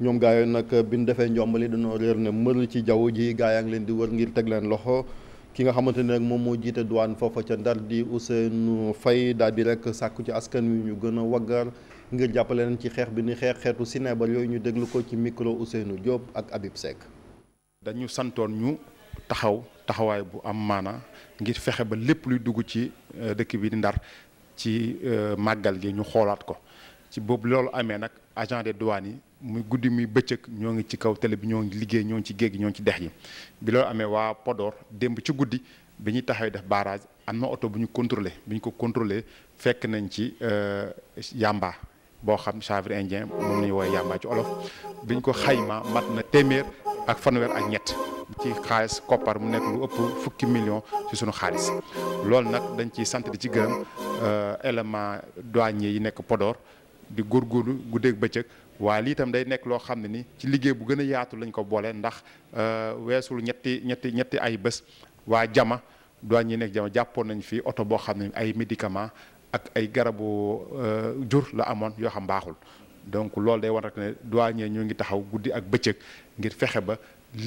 ñoom gaa yooyu nag bi ñu defee njombali dañoo réer ne mër ci jaww ji gaa yaa leen di wër ngir teg leen loxo. ki nga xamante ne nag moom moo jiite duwaan foofa ca Ndar di Ousseynou fay daal di rek sàkku ci askan wi ñu gën a waggar ngir jàppale leen ci xeex bi ni xeex xeetu sineebar yooyu ñu déglu ko ci micro Ousseynou Diop ak Habib Seck. dañu santoon ñu taxaw taxawaay bu am maana ngir fexe ba lépp luy dugg ci euh, dëkk bi di Ndar ci euh, màggal gi ñu xoolaat ko. ci boobu loolu amee nag agent des douanes yi muy guddi muy bëccëg ñoo ngi ci kaw télé bi ñoo ngi liggéey ñoo ngi ci géej gi ñoo ngi ci dex yi bi loolu amee waa Podor démb ci guddi bi ñuy taxawee def barrage am na oto bu ñu contrôlé bu ñu ko contrôlé fekk nañ ci euh, yamba boo xam chanvre indien moom la ñu woowee yamba ci olof bi ñu ko xayma mat na téeméer ak fanweer ak ñett ci xaalis koppar mu nekk lu ëpp fukki million ci sunu xaalis loolu nag dañ ciy sant di ci gërëm euh, élément douanier yi nekk Podor di góor góorgóorlu guddeeg bëccëg waaye lii itam day nekk loo xam ne ni ci liggéey bu gën a yaatu lañ ko boole ndax euh, weesul ñetti ñetti ñetti ay bés waa jama doyen ñi nekk jama jàppoon nañu fi oto boo xam ne ay médicament ak ay garabu euh, jur la amoon yoo xam baaxul donc loolu day wan rek ne douanier ñoo ngi taxaw guddi ak bëccëg ngir fexe ba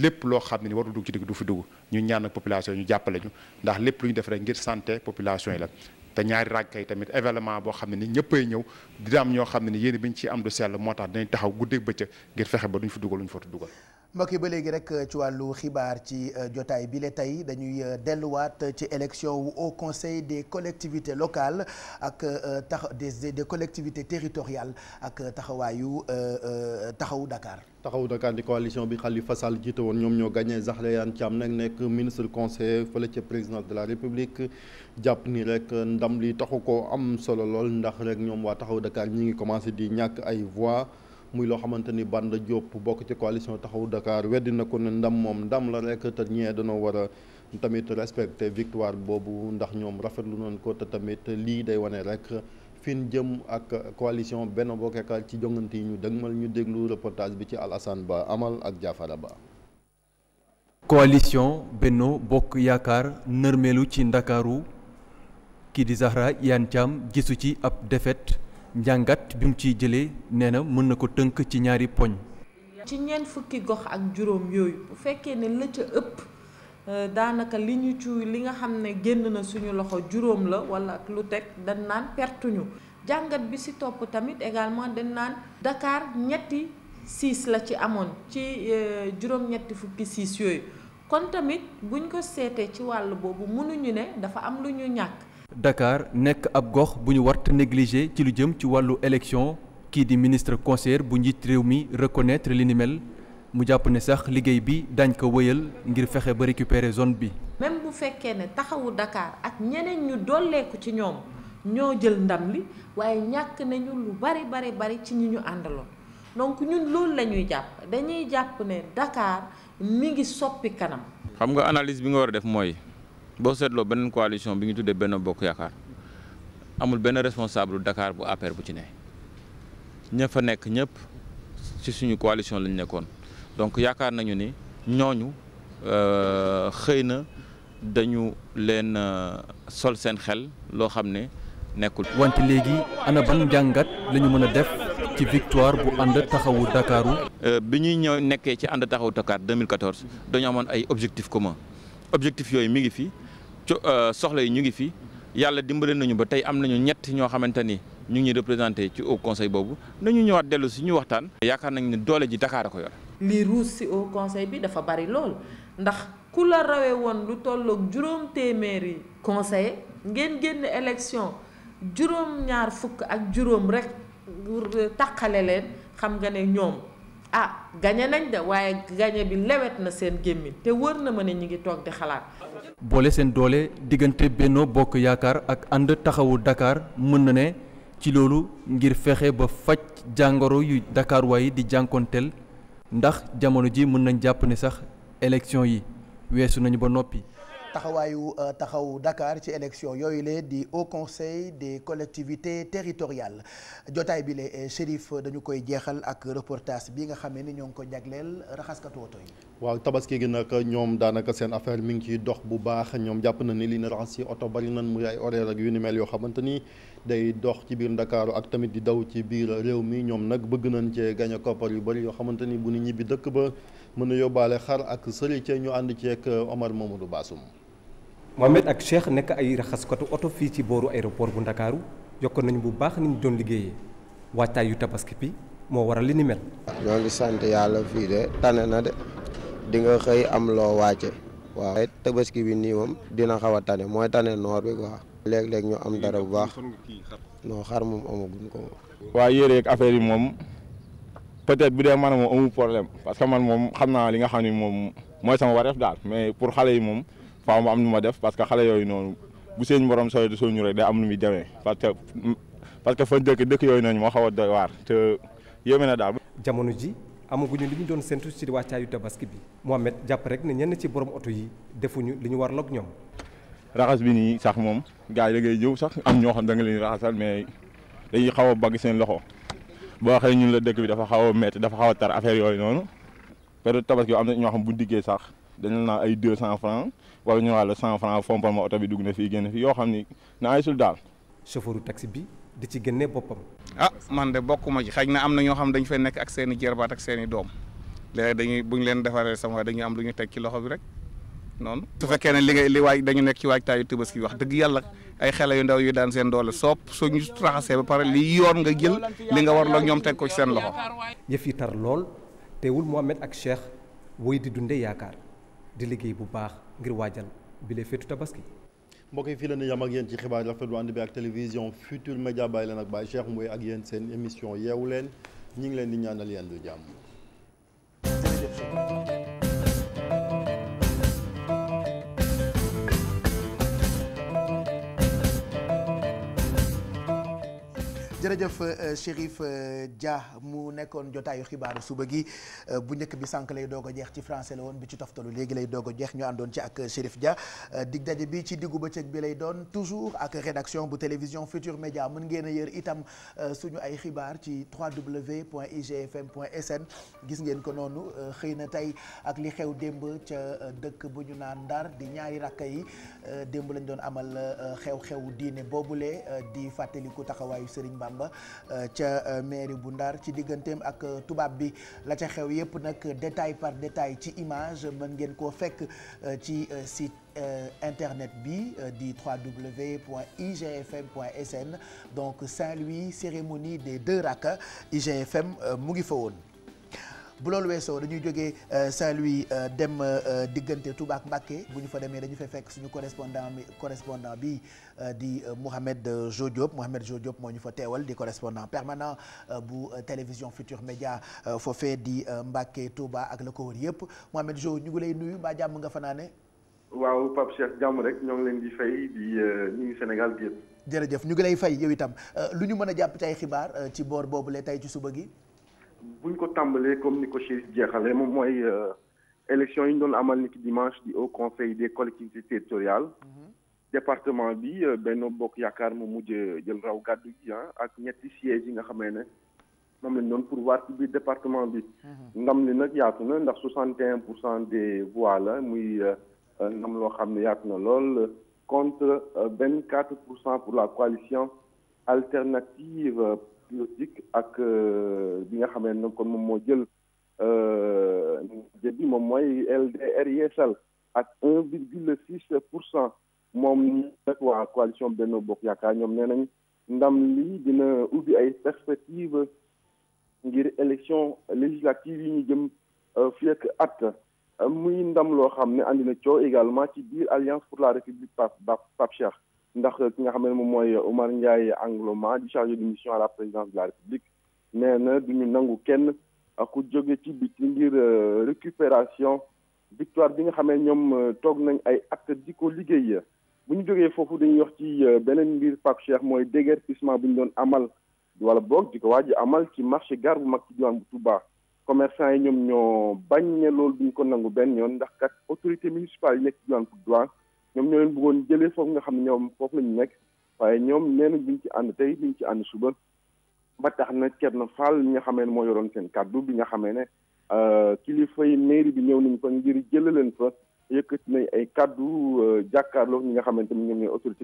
lépp loo xam ne ni warul dugg ci dugg du fi dugg ñu ñaan ak population ñu jàppale ñu ndax lépp lu ñu def rek ngir santé population yi la te ñaari raakay tamit événement boo xam ne ni ñëppay ñëw dina am ñoo xam ne ni yéen biñ ci am du sell moo tax dinañ taxaw guddeeg bëccëg ngir fexe ba duñ fi dugal luñ fa dugal mbokk yi ba léegi rek euh, ci wàllu xibaar ci euh, jotaay bile la tey dañuy euh, delluwaat ci élection wu au conseil des collectivités locales ak tax des des collectivités territoriales ak taxawaayu taxawu Dakar. taxawu Dakar di coalition bi Khalifa Sall jiite woon ñoom ñoo gagné ci am nag nekk ministre conseiller fële ca président de la république jàpp ni rek ndam li taxu ko am solo lool ndax rek ñoom waa taxawu Dakar ñi ngi commencé di ñàkk ay voix. muy loo xamante ni Banda Diop bokk ci coalition taxawu Dakar weddi na ko ne ndam moom ndam la rek te ñee dañoo war a tamit respecter victoire boobu ndax ñoom rafetlu nañ ko te tamit lii day wane rek fin jëm ak coalition benn Bokk Yaakaar ci jongante yi ñu dëgmal ñu déglu reportage bi ci Alassane Ba amal ak Jaafara Ba. coalition Benno Bokk Yaakaar nërmeelu ci ndakaaru kii di Zahra Iyane gisu ci ab défaite. njàngat bi mu ciy jëlee nee na mën na ko tënk ci ñaari poñ. ci ñeent fukki gox ak juróom yooyu bu fekkee ne la ëpp euh, daanaka li ñu ci li nga xam ne génn na suñu loxo juróom la wala ak lu teg dañ naan perte ñu jàngat bi si topp tamit également dañ naan Dakar ñetti siis la ci amoon ci euh, juróom-ñetti fukki siis yooyu kon tamit buñ ko seetee ci wàll boobu mënuñu ne dafa am lu ñu ñàkk. Dakar nekk ab gox bu ñu wart négliger ci lu jëm ci wàllu élection kii di ministre conseiller bu njiit réew mi reconnaître li ni mel mu jàpp ne sax liggéey bi dañ ko wëyal ngir fexe ba récupérer zone bi. même bu fekkee ne taxawu Dakar ak ñeneen ñu dolleeku ci ñoom ñoo jël ndam li waaye ñàkk nañu lu bari bari bari ci ñi ñu àndaloon donc ñun loolu lañuy jàpp dañuy jàpp ne Dakar mi ngi soppi kanam. xam nga analyse bi nga war a def mooy. boo seetloo beneen coalition bi ñu tuddee benn bokk yaakaar amul benn responsable dakaar bu APR bu ci ne ña fa nekk ñëpp ci suñu coalition lañ nekkoon donc yaakaar nañu ni ñooñu euh, xëy na dañu leen euh, sol seen xel loo xam ne nekkul. wante léegi ana ban jàngat la ñu mën a def ci victoire bu ànd taxawu Dakaaru. Euh, bi ñuy ñëw nekkee ci ànd taxawu Dakar 2014 dañu amoon ay objectif comment objectifs yooyu mi ngi fi. Euh, soxla yi ñu ngi fi yàlla dimbale nañu ba tey am nañu ñett ñoo xamante ni ñu ngi ñuy représenté ci au conseil boobu nañu ñëwaat dellu si ñu waxtaan. yaakaar nañ ne doole ji dakaarako a ko yor. li ruus si au conseil bi dafa bari lool ndax ku la rawee woon lu tolloog juróom téeméeri conseiller ngeen génn élection juróom ñaar fukk ak juróom rek taqale leen xam nga ne ñoom. ah gañe nañ de waaye gañe bi lewet na seen gémmiñ te wër na ma ne ñu ngi toog di xalaat. boole seen doole diggante Benno Bokk Yaakaar ak ànd taxawu dakaar mën na ne ci loolu ngir fexe ba faj jàngoro yu Dakar waaye di jànkonteel ndax jamono ji mën nañ jàpp ne sax élection yi weesu nañu ba noppi. taxawaayu euh, taxaw dakaar ci élection yooyu lee di Haut Conseil des collectivités territoriales jotaay bi lee euh, Chérif euh, dañu koy jeexal ak reportage bi nga xamee ni ñoo ngi ko jagleel raxaskatu woto yi. waaw tabaski gi nag ñoom daanaka seen affaire mi ngi ciy dox bu baax ñoom jàpp na ni li na raxas ci oto bari nan mu ay horaire ak yu ni mel yoo xamante ni day dox ci biir Ndakaaru ak tamit di daw ci biir réew mi ñoom nag bëgg nañ cee gañ a koppar yu bari yoo xamante ni bu ñu ñibbi dëkk ba mën yóbbaale xar ak sëri ñu ànd ceeg Omar Mamadou Bassoum Mohamed ak Cheikh nekk ay raxaskatu oto fii ci booru aéroport bu Ndakaaru yokkoon nañu bu baax ni ñu doon liggéeyee waajtaay yu tabaski bi moo waral li ni mel. ñoo sant yàlla fii de tane na di nga xëy am loo wàcce waaw tabaski bi nii moom dina xaw a tane mooy tane noor bi quoi. léeg-léeg ñu am dara bu baax non xar moom amaguñ ko moom. waaw affaire yi moom peut-être bu dee man moom amul problème parce que man moom xam naa li nga xam ne moom mooy sama wareef daal mais pour xale yi moom. faaw am nu ma def parce que xale yooyu noonu bu seen morom sooy du ñu rek day am nu muy demee parce que parce que fa dëkk dëkk yooyu noonu moo xaw a doy waar te yéeme na daal. jamono ji amaguñu li ñu doon séntu ci wàccaayu tabaski bi Mohamed jàpp rek ne ñenn ci borom oto yi defuñu li ñu war loog ñoom. raxas bi nii sax moom gaa yi da ngay jëw sax am ñoo xam da nga leen raxasal mais dañuy xaw a bagg seen loxo boo waxee ñun la dëkk bi dafa xaw a métti dafa xaw tar affaire yooyu noonu période tabaski bi am na ñoo xam bu diggee sax. dañu naan ay deux cent franc wala ñu wax la cent franc fompal oto bi dugg na fii génn fii yoo xam ni na ay sul daal. chauffeuru taxi di ci génne boppam. ah man de bokkuma ci xëy na am na ñoo xam dañu fay nekk ak seen i jerbaat ak seen i doom léegi bu ñu leen defaree sama dañuy am lu ñu teg ci loxo bi rek noonu. su fekkee ne li nga li waaj dañu nekk ci waajtaayu Tabaski wax dëgg yàlla ay xale yu ndaw yu daan seen doole soob soo ñu raxasee ba pare li yoon nga jël li nga war warloo ñoom teg ko ci seen loxo. yëf yi tar lool teewul Mohamed ak Cheikh woy di dundee yaakaar di liggéey bu baax ngir waajal bile féetu tabaski. mbokk yi fii la ñu yam ak yéen ci xibaar yi rafetlu ànd bi ak télévision Futur Média bàyyi leen ak Baye Cheikh Mboye ak yéen seen émission yeewu leen ñu ngi leen di ñaanal yéen du jàmm. jërëjëf euh, Chérif euh, Dia mu nekkoon jotaayu xibaaru suba gi euh, bu njëkk bi sànq lay doog a jeex ci français la woon bi ci toftalu léegi lay doog a jeex ñu àndoon ci ak Chérif Dia dig daje bi ci diggu bëccëg bi lay doon toujours ak rédaction bu télévision Futur Média mën ngeen a yër itam suñu ay xibaar ci www.igfm.sn gis ngeen ko noonu xëy na tey ak li xew démb ca dëkk bu ñu naan Ndar di ñaari rakka yi démb lañ doon amal xew-xew diine boobule di fàttaliku taxawaayu Serigne Bamba Samba euh, ca euh, mairie bu Ndar ci digganteem ak euh, tubaab bi la ca xew yépp nag détail par détail ci image mën ngeen koo fekk ci site internet bi di www.igfm.sn donc Saint-Louis cérémonie des deux raka IGFM mu ngi fa woon bu loolu weesoo dañuy jógee euh, Saint-Louis euh, dem euh, diggante Touba ak Mbacké bu ñu fa demee dañu fa fekk suñu correspondant mi correspondant bi di Mouhamed Jo Diop Mouhamed Jo Diop moo ñu fa teewal di correspondant permanent bu télévision Futur Média foofee di Mbacké Touba ak la ko wër yëpp Mouhamed Jo ñu ngi lay nuyu mbaa jàmm nga fanaane waaw Pape Cheikh jàmm rek ñoo ngi leen di fay di nuyu Sénégal bi yëpp. jërëjëf ñu ngi lay fay yow itam lu ñu mën a jàpp ci xibaar ci boor boobu la tey ci suba gi. buñ ko tàmbalee comme ni ko Chérif jeexalee moom mooy euh, élection yi ñu doon amal ni ki dimanche di au conseil des collectivités territoriales. Mhm. département bi euh, Benno Bokk Yaakaar mu mujj jël raw gàddu gi ah ak ñetti sièges yi nga xamee ne moom lañ doon pourvoir ci biir département bi. Mhm. ndam li nag yaatu na ndax 61 pour cent des voix la muy euh, ndam loo xam ne yaatu na lool contre 24 pour cent pour la coalition alternative. antibiotique ak euh, bi nga xamee ne kon moom moo jël jël euh, bi moom mooy LDR yeesal ak un virgule six pour cent moom nag waa coalition Benno Bokk Yaakaar ñoom nee nañ ndam lii dina ubbi ay perspective ngir élection législative yi ñu jëm euh, fii ak at muy ndam loo xam ne andi na coow également ci biir alliance pour la république pap Pape Cheikh ndax ki nga xam ne moom mooy Omar Ndiaye Angloma di chargé de mission à la présidence de la République nee du ñu nangu kenn aku jóge ci biti ngir euh, récupération victoire bi nga xamee ñoom euh, toog nañ ay at di ko liggéey bu ñu jógee foofu dañuy wax ci euh, beneen ngir Pape Cheikh mooy déguerpissement bu ñu doon amal wala boog di ko waaj amal ci marché gare bu mag ci diwaan bu Touba commerçant yi ñoom ñoo bañ ne loolu duñ ko nangu benn yoon ndax kat autorité municipale yi nekk ci ñoom ñoo leen bëggoon jëlee foofu nga xam ñoom foofu la ñu nekk waaye ñoom nee na duñ ci ànd tey duñ ci ànd suba ba tax na Thierno Fall li nga xamee ne moo yoroon seen kàddu bi nga xamee ne euh, kilifa yi mairie bi ñëw nañ fa ngir jëlee leen fa yëkkati nañ ay kàddu euh, jàkkaarloo ñi nga xamante ni ñoom ñooy autorité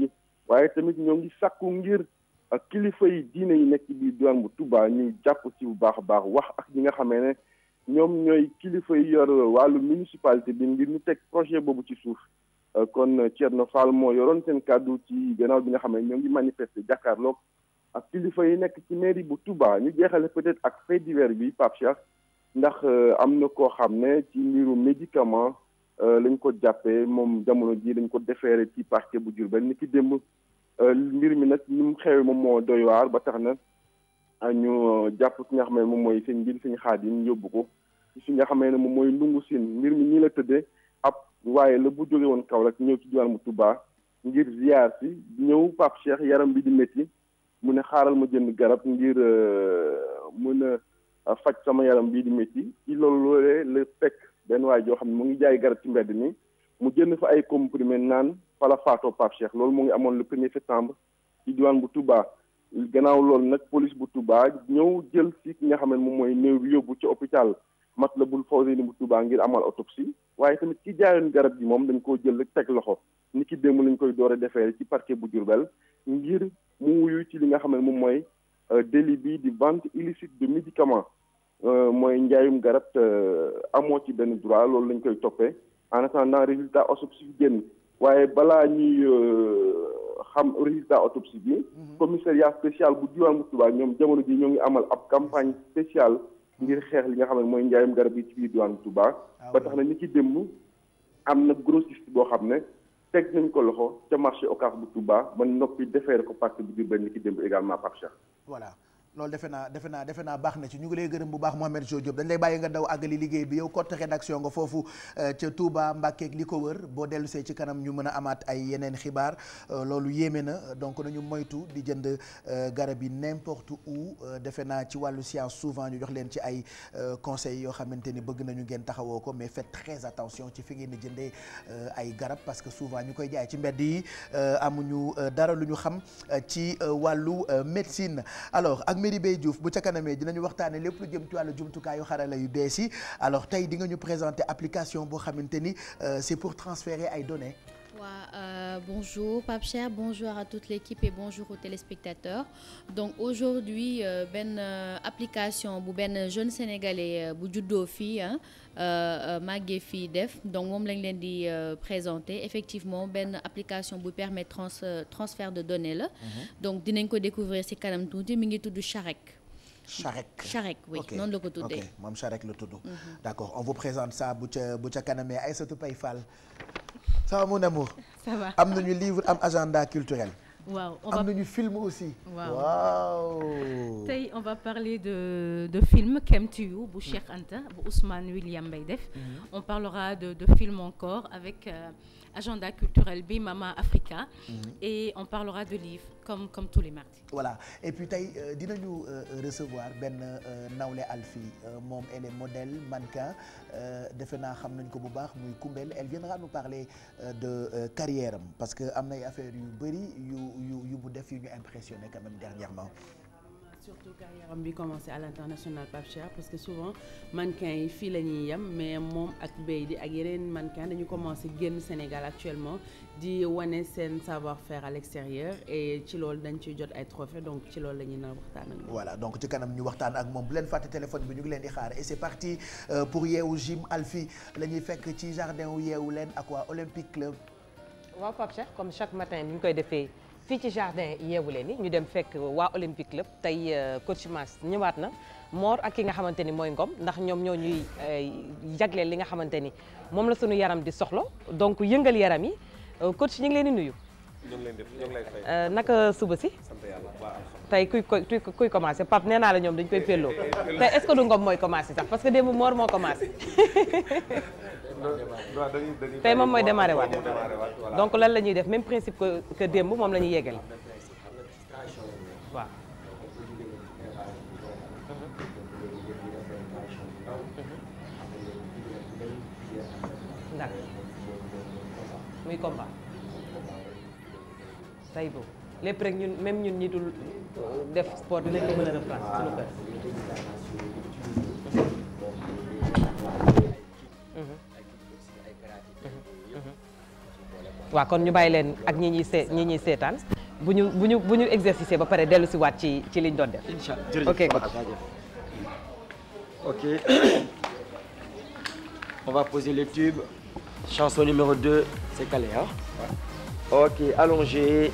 yi waaye tamit ñoo ngi sàkku ngir kilifa yi diine yi nekk ci biir diwaan bu Touba ñu jàpp ci bu baax a baax wax ak ñi nga xamee ne ñoom ñooy kilifa yi yor wàllu municipalité bi ngir ñu teg projet boobu ci suuf Euh, kon euh, Thierno Fall moo yoroon seen kàddu ci gannaaw bi nga xam ne ñoo ngi manifester jàkkaarloog ak kilifa yi nekk ci mairie bu tubaa ñu jeexale peut-être ak fait divers bi Pape ndax euh, am na koo xam ne ci mbiru médicament lañ ko jàppee moom jamono ji dañ ko defeere ci parce bu ba ni ki démb mbir mi nag ni mu moom moo doy waar ba tax na ñu jàpp ki nga xam ne moom mooy seen mbir suñu xaadim yóbbu ko ci fi nga ne moom mooy ndungu siin mbir mi ñii la tëddee ab waaye la bu jóge woon kaw rek ñëw ci diwaan mu Touba ngir ziar si ñëw Pape Cheikh yaram bi di métti mu ne xaaral ma jënd garab ngir euh, mën a euh, faj sama yaram bii di métti ci loolu loolee la fekk benn waay joo xam ne mu ngi jaay garab ci mbedd mi mu jënd fa ay comprimé naan fala faatoo Pape Cheikh loolu mu ngi amoon le premier septembre ci diwaan bu Touba gannaaw loolu nag police bu tubaa ñëw jël si ki nga xam ne moom mooy néew yóbbu ci hôpital la bul Matlabul Fawzayni bu Touba ngir amal autopsie waaye tamit ki jaayoon garab gi moom dañ koo jël rek teg loxo ni ki démb lañ koy doore defee ci parquet bu Diourbel ngir mu wuyu ci li nga xam ne moom mooy euh, délit bi di vente illicite de médicament euh, mooy njaayum garab te euh, amoo ci benn droit loolu lañ koy toppee en attendant résultat autopsie bi génn waaye balaa ñuy xam résultat autopsie bi mhm. commissariat spécial bu diwaan bu Touba ñoom jamono ji ñoo ngi amal ab campagne spéciale ngir xeex li nga xam ne mooy njaayum garab yi ci biir diwaanu Touba. Ah ba tax na ni ci démb am na grossiste boo xam ne teg nañ ko loxo ca marché Ocass bu Touba ba noppi defeere ko parc bu ba ni ci démb également Pape Cheikh. voilà. loolu defe naa defe naa defe naa baax na ci ñu ngi lay gërëm bu baax Mouhamed Jo Diop dañ lay bàyyi nga daw àggali liggéey bi yow côté rédaction nga foofu euh, ca Touba Mbàkke ak li ko wër boo dellusee ci kanam ñu mën a amaat ay yeneen xibaar euh, loolu yéeme na donc nañu moytu di jënd euh, garab yi n'importe où defe naa ci wàllu science souvent ñu jox leen ci ay conseils yoo xamante ni bëgg nañu ngeen taxawoo ko mais faites très attention ci fi ngeen di jëndee ay garab parce que souvent ñu koy jaay ci mbedd yi amuñu dara lu ñu xam ci wàllu médecine Merry Beye Diouf bu ca kanamee dinañu waxtaane lépp lu jëm ci wàllu jumtukaayu xarala yu bees yi alors tey di nga ñu présenter application boo xamante ni euh, c'est pour transférer ay données Euh, bonjour Pape Cher, bonjour à toute l'équipe et bonjour aux téléspectateurs. Donc aujourd'hui euh, benn euh, application bu benn jeune sénégalais euh, bu juddoo fii euh, euh, màggee fii def donc moom lañ leen di présenter effectivement benn application bu permettre trans transfert de données la. Mhm. donc dinañ ko découvrir si kanam tuuti mi ngi tudd Charek. Charek Charek oui noonu la ko tuddee ok moom Charek la tudd. Mhm. d'accord on vous présente sa bu ca bu ca kanamee Aïssatou Pay fal ça mon amour. ça va am nañu livre am agenda culturel. waaw on va am nañu film aussi. waaw waaw. tey on va parler de de film Came to You bu Cheikh mm. Anta bu Ousmane William Mbaye def. Mm-hmm. on parlera de de film encore avec. Euh, agenda culturel bi Mama Africa. Mhm. et on parlera de livres comme comme tous les mardis. voilà et puis tey euh, dinañu euh, recevoir benn euh, nawle Alfi moom elle est modèle mannequin defe naa xam nañ ko bu baax muy Koumbel elle viendra nous parler de carrière parce que am na ay affaires yu bëri yu yu yu mu def yu ñu impressionné quand même dernièrement. surtout carrière am bi commencé à l' international Pape parce que souvent mannequin yi fii la ñuy yem mais moom ak béy di ak yeneen mannequin dañu commencé génn Sénégal actuellement di wone seen savoir faire à l' extérieur et ci loolu dañ ciy jot ay trophées donc ci loolu la ñuy nar waxtaan ak donc ci kanam ñu waxtaan ak moom bu leen fàtte téléphone bi ñu ngi leen di xaar et c' est parti euh, pour yeewu gym Alfi la ñuy fekk ci jardin wu yeewu leen ak waa Olympique Club. waaw Pape Cheikh comme chaque koy defee. fii ci jardin yeewu leen ni ñu dem fekk waa olympique club tey euh, coach Mass ñëwaat na moor ak ki nga xamante ni mooy Ngom ndax ñoom ñoo ñuy euh, jagleel li nga xamante ni moom la sunu yaram di soxla donc yëngal yaram yi euh, coach ñu leen di nuyu. ñu ngi di ñu ngi lay fay. naka suba si. sant yàlla tey kuy kuy kuy commencé la ñoom dañ koy pelloo. tey est du Ngom mooy commencé sax parce que démb Mor moo commencé. tey moom mooy démarré waat donc lan lañuy def même principe que démb moom la ñuy yeggale waaw d'accord muy combat tey boobu lépp rek ñun même ñun ñi dul def sport dinañ ko mën a reprendre suñu kër waaw kon ñu bàyyi leen ak ñi ñuy see ñi ñuy seetaan bu ñu bu ñu bu ñu exercice ba pare dellu si waat ci ci liñ doon def. incha allah ok ok on va poser le tube. chanson numéro 2 c'est calé hein. ok allongé.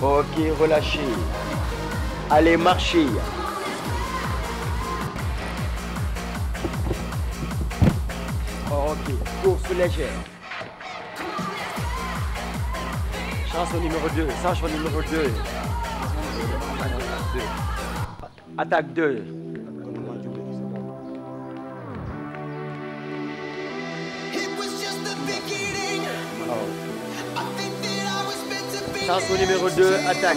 ok relâché. marcher. ok, course légère. Chanson numéro 2, chanson numéro 2. Attaque 2. Oh. Chanson numéro 2, attaque.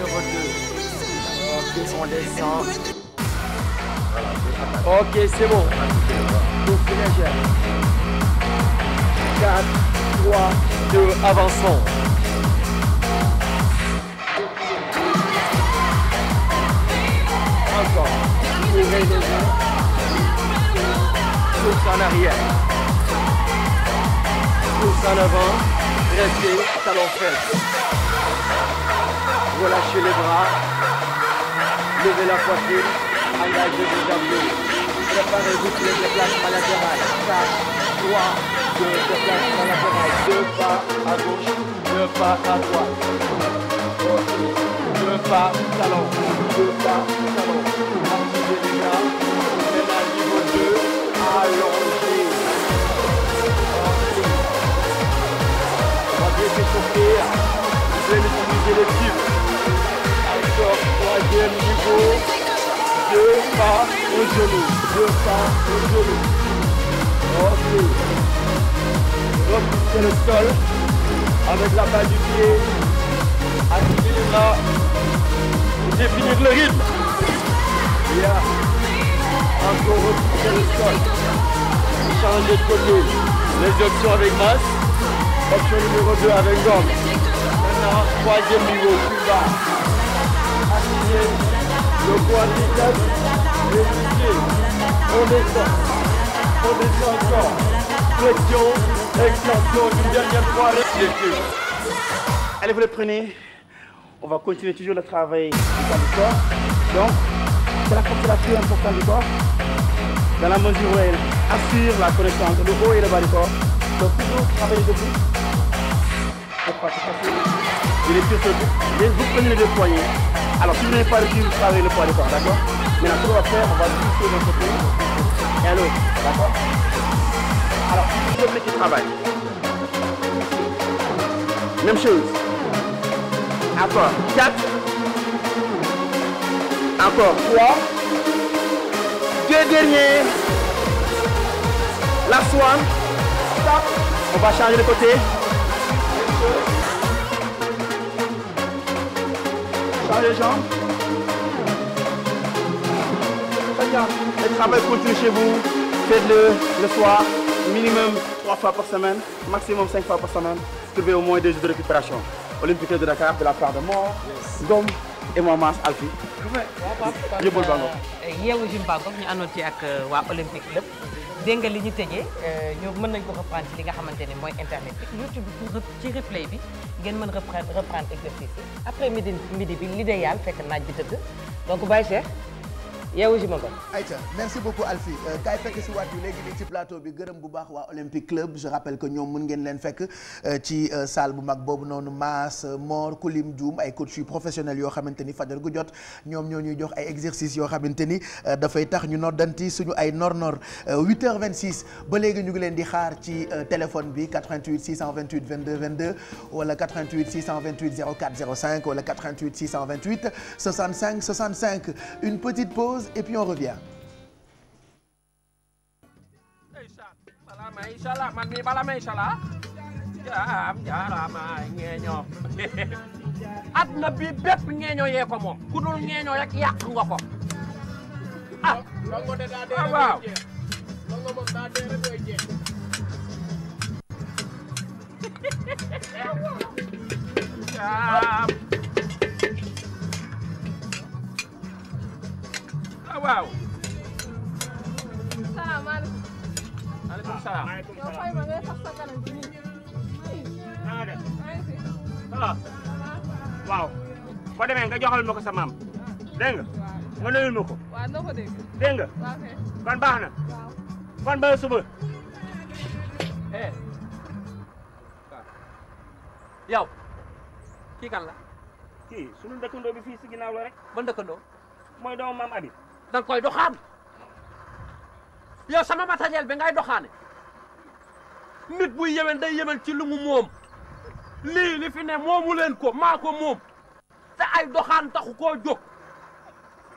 numéro 2. Ok, on descend. Ok, c'est bon. Coupe légère. 4, 3, 2, avançons. Encore. Ouvrez les mains. Pousse en arrière. Pousse en avant. Restez talon fesse. relâchez les bras, levez la poitrine, engagez vos abdos. Préparez-vous pour le déplacement latéral. 4, 3, 2, déplacement latéral. Deux pas à gauche, deux pas à droite. Deux pas talon, deux pas talon. Activez les bras, maintenant niveau 2, allongez. Allez, c'est sortir. Vous allez utiliser les pieds. deuxième niveau, deux pas au genou, deux pas au genou. Ok. Repoussez le sol avec la balle du pied. Activez les bras pour définir le rythme. Bien. Encore repoussez le sol. Changez de côté. Les options avec masse. Option numéro 2 avec gomme. Maintenant, troisième niveau, plus bas. gagner le poids des têtes et pieds. On descend, on descend encore. Flexion, extension, une dernière le prenez. On va continuer toujours le travail du corps Donc, c'est la force importante du corps, dans la mesure assure la connexion entre le haut et le bas Donc, toujours travailler debout. Il est plus sur le Vous prenez les deux poignets. Alors, si vous n'avez pas le prix, vous travaillez le poids du corps, d'accord Maintenant, ce qu'on va faire, on va glisser d'un côté et à l'autre, d'accord Alors, le mec qui travaille. Même chose. Encore 4. Encore 3. Deux derniers. La soie. Stop. On va changer de côté. par les jambes. Très bien. Le travail continue chez vous. Faites-le le soir, minimum 3 fois par semaine, maximum 5 fois par semaine. Trouvez au moins des jours de récupération. Olympique de de la part de Mor, Ngom et Mamas Alfi. yóbbal ba ngoog. yeewu Zimbabwe ñu àndoon ci ak euh, waa Olympique Club. dégg nga li ñu tëjee. Euh, ñoo mën nañ ko reprendre ci li nga xamante ne mooy internet bi. YouTube ci replay bi. ngeen mën reprendre reprendre exercice yi après midi midi bi l'idéal fekk naaj bi tëdd donc Baye Cheikh yeewu si ma ko ayca merci beaucoup Alfie euh, kaay fekk si waat yu léegi nii ci plateau bi gërëm bu baax waa Olympique Club je rappelle que ñoom mun ngeen leen fekk euh, ci euh, salle bu mag boobu noonu Mass Mor Koulim Dioum ay coach yu professionnels yoo xamante ni fajar gu jot ñoom ñoo ñuy jox ay exercices yoo xamante ni dafay tax ñu noddanti ñu ay nor-nor 8h26 ba léegi ñu ngi leen di xaar ci téléphone bi 88 628 22 22 wala 88 628 04 05 wala 88 628 65 65 une petite pause. pause et puis on revient. adna bi bépp ngeeñoo yee ko moom ku dul ngeeñoo rek yàq nga ko ah, ah waaw waaw waaw. waaw. boo demee nga joxal ma ko sa maam. dégg nga. nga nuyul ma ko. dégg. dégg nga. kon baax na. kon ba suba. eh. kii kan la. kii sunu dëkkandoo bi fii si ginnaaw la rek. ban dëkkandoo. mooy doomu maam Habib. danga koy doxaan yow sama matériel bi ngay doxaane nit buy yewen day yewen ci lu mu moom lii li fi ne moomu leen ko maa ko moom te ay doxaan taxu koo jóg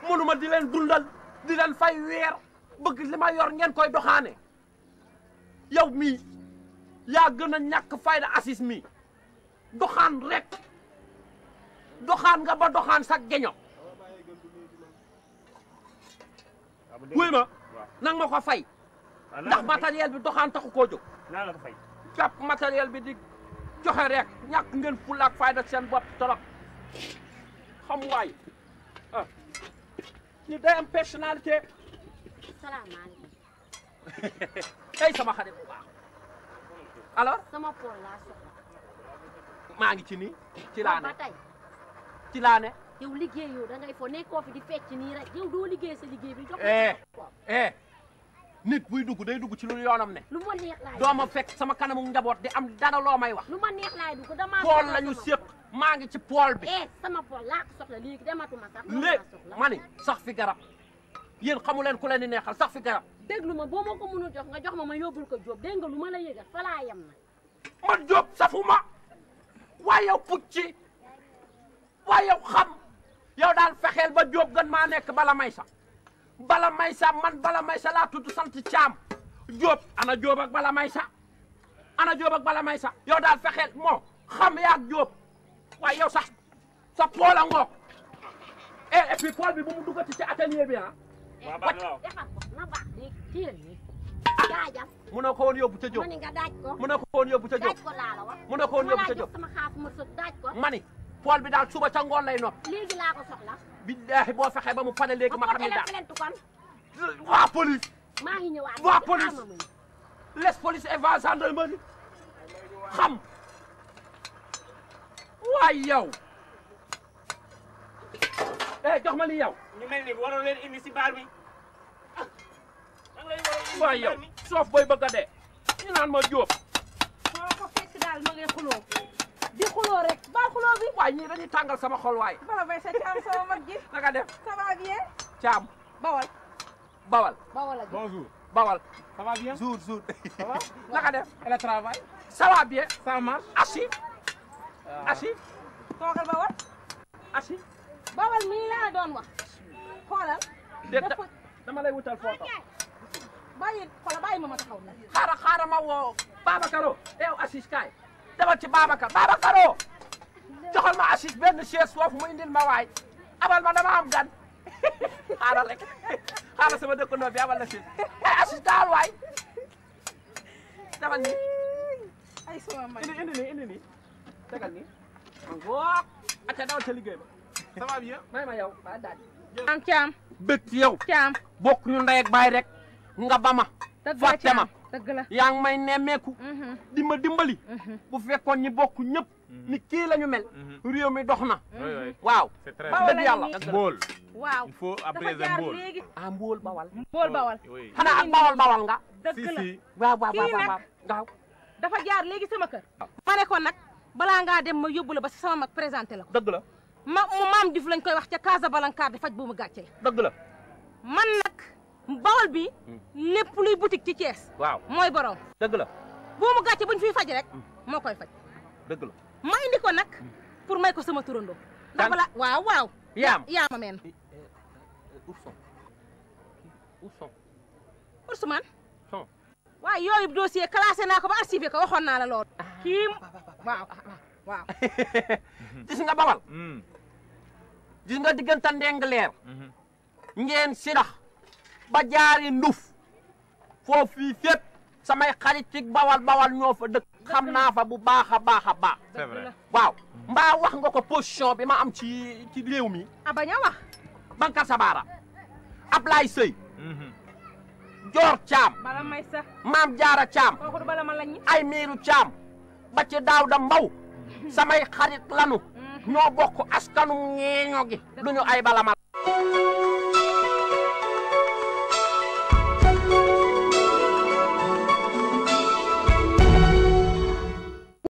mënuma di leen dundal di leen fay weer bëgg li ma yor ngeen koy doxaane yow mi yaa gën a ñàkk fayda Aziz mi doxaan rek doxaan nga ba doxaan sa geño wuy ma nang ma ko fay ndax matériel bi doxaan taxu koo jóg naa fay jàpp bi di joxe rek ñàkk ngeen fulla ak fayda seen bopp torop xam waay ah ñu day am sama xarit bu baax maa ngi ci ni ci laa ne ci ne yow liggéey yow da ngay fo nekkoo fi di fecc nii rek liggéey sa liggéey bi. jox eh, eh, buy dugg day dugg ci lu yoonam ne. lu ma neex laay doo ma fekk sama kanamu njaboot di am dara loo may wax. lu ma neex laay dugg damaa. pool la ñu séq maa ngi ci pool bi. eh sama pool laa ko soxla léegi dematuma sax. léegi ma ni sax fi garab yéen xamu leen ku leen di neexal sax fi garab. déglu ma boo ma ko mënul jox nga jox ma ma yóbbul ko Diop dégg nga lu ma la yëgal fa laa yem na. man Diop safuma waaye yow pucci waaye yow xam. yow daal fexeel ba jóob gën maa nekk bala may sa bala may sa man bala may laa tudd sant caam jóob ana jóob ak bala may sa ana jóob ak bala may sa yow daal fexeel moo xam yaag jóob waaye yow sax sa pool a ngoog eh, pool bi bu mu duggati ci atelier a ah eh, mu ne ko woon yóbbu ca jóob mu ne ko woon ca jóob mu ne ko ca jóob mani pool bi daal suba ca lay nopp. léegi laa ko ba mu fane léegi ma xam ne daal waa police. maa ngi les police et va gendarmerie xam waay yow. Eh, ma yow. soof booy bëgg a dee. ñu naan ma jóob. di xuloo rek baal bi. waay ñii dañuy tàngal sama xol waay. bala bay sa caam sama mag ji. naka def ça va bien. caam bawal. bawal. bawal ak bonjour. bawal. ça va bien jour jour. ça va naka def. et le travail. ça va bien. ça marche. assis. waaw assis. Ah. toogal bawal. assis. bawal mii laa doon wax. xoolal. dafa dama lay wutal foofu. bàyyi xoolal bàyyi ma ma taxaw. xaaral xaaral ma woo Babacar eh, yow demal ci Babacar Babacaroo joxal ma Assis benn chaise foofu mu indil ma waay abal ma dama am gan xaaral rek xaaral sama dëkkandoo bi abal la chaise ay Assis daal waay defal nii ay am caam bët yow caam bokk ñu ndey ak baay rek nga ba ma fàtte dëgg la yaa ngi may nemmeeku. Mhm. di ma dimbali. Mhm. bu fekkoon ñi bokk ñëpp. Mhm. ni la ñu mel. réew mi dox na. waaw. c'est très bien dëgg yàlla mbool. waaw il faut après mbool. ah mbool bawal. mbool bawal. xanaa ak bawal bawal nga. dëgg waaw waaw waaw waaw. dafa jaar léegi sama kër. Ah. ma ne ko nag balaa ngaa dem ma yóbbu la ba sama mag présenté la ko. dëgg la. ma maam Diouf lañ koy wax ca Casablanca di faj bu mu gàccee. dëgg la man nag. bawol bi hmm. lépp luy boutique ci Thiès. waaw mooy borom. dëgg la buumu gàcce buñ fiy faj rek hmm. moo koy faj. ma indi ko nag hmm. pour may ko sama turando. ndax balaa waaw waaw. yaam yaama meen. Eh, eh, ourson Ourson. Oursoumane. son naa ko ba archivé ko waxoon naa la loo ah. kii waaw ah, ah, waaw. nga bawal. gis nga diggante ndeng leer. ngeen sirax. ba jaari nduf foofu fii samay xarit bawal bawal ñoo fa dëkk xam naa fa bu baax a baax a baax waaw mbaa wax nga ko position bi ma am ci ci réew mi ah, a bañ ab wax Banka Sabara Ablaye Seye Joor Caam Maam Jaara Caam ay miiru Caam ba ci daaw da mbaw samay xarit lanu mhm. ñoo bokk askanu ñeeño gi duñu ay bala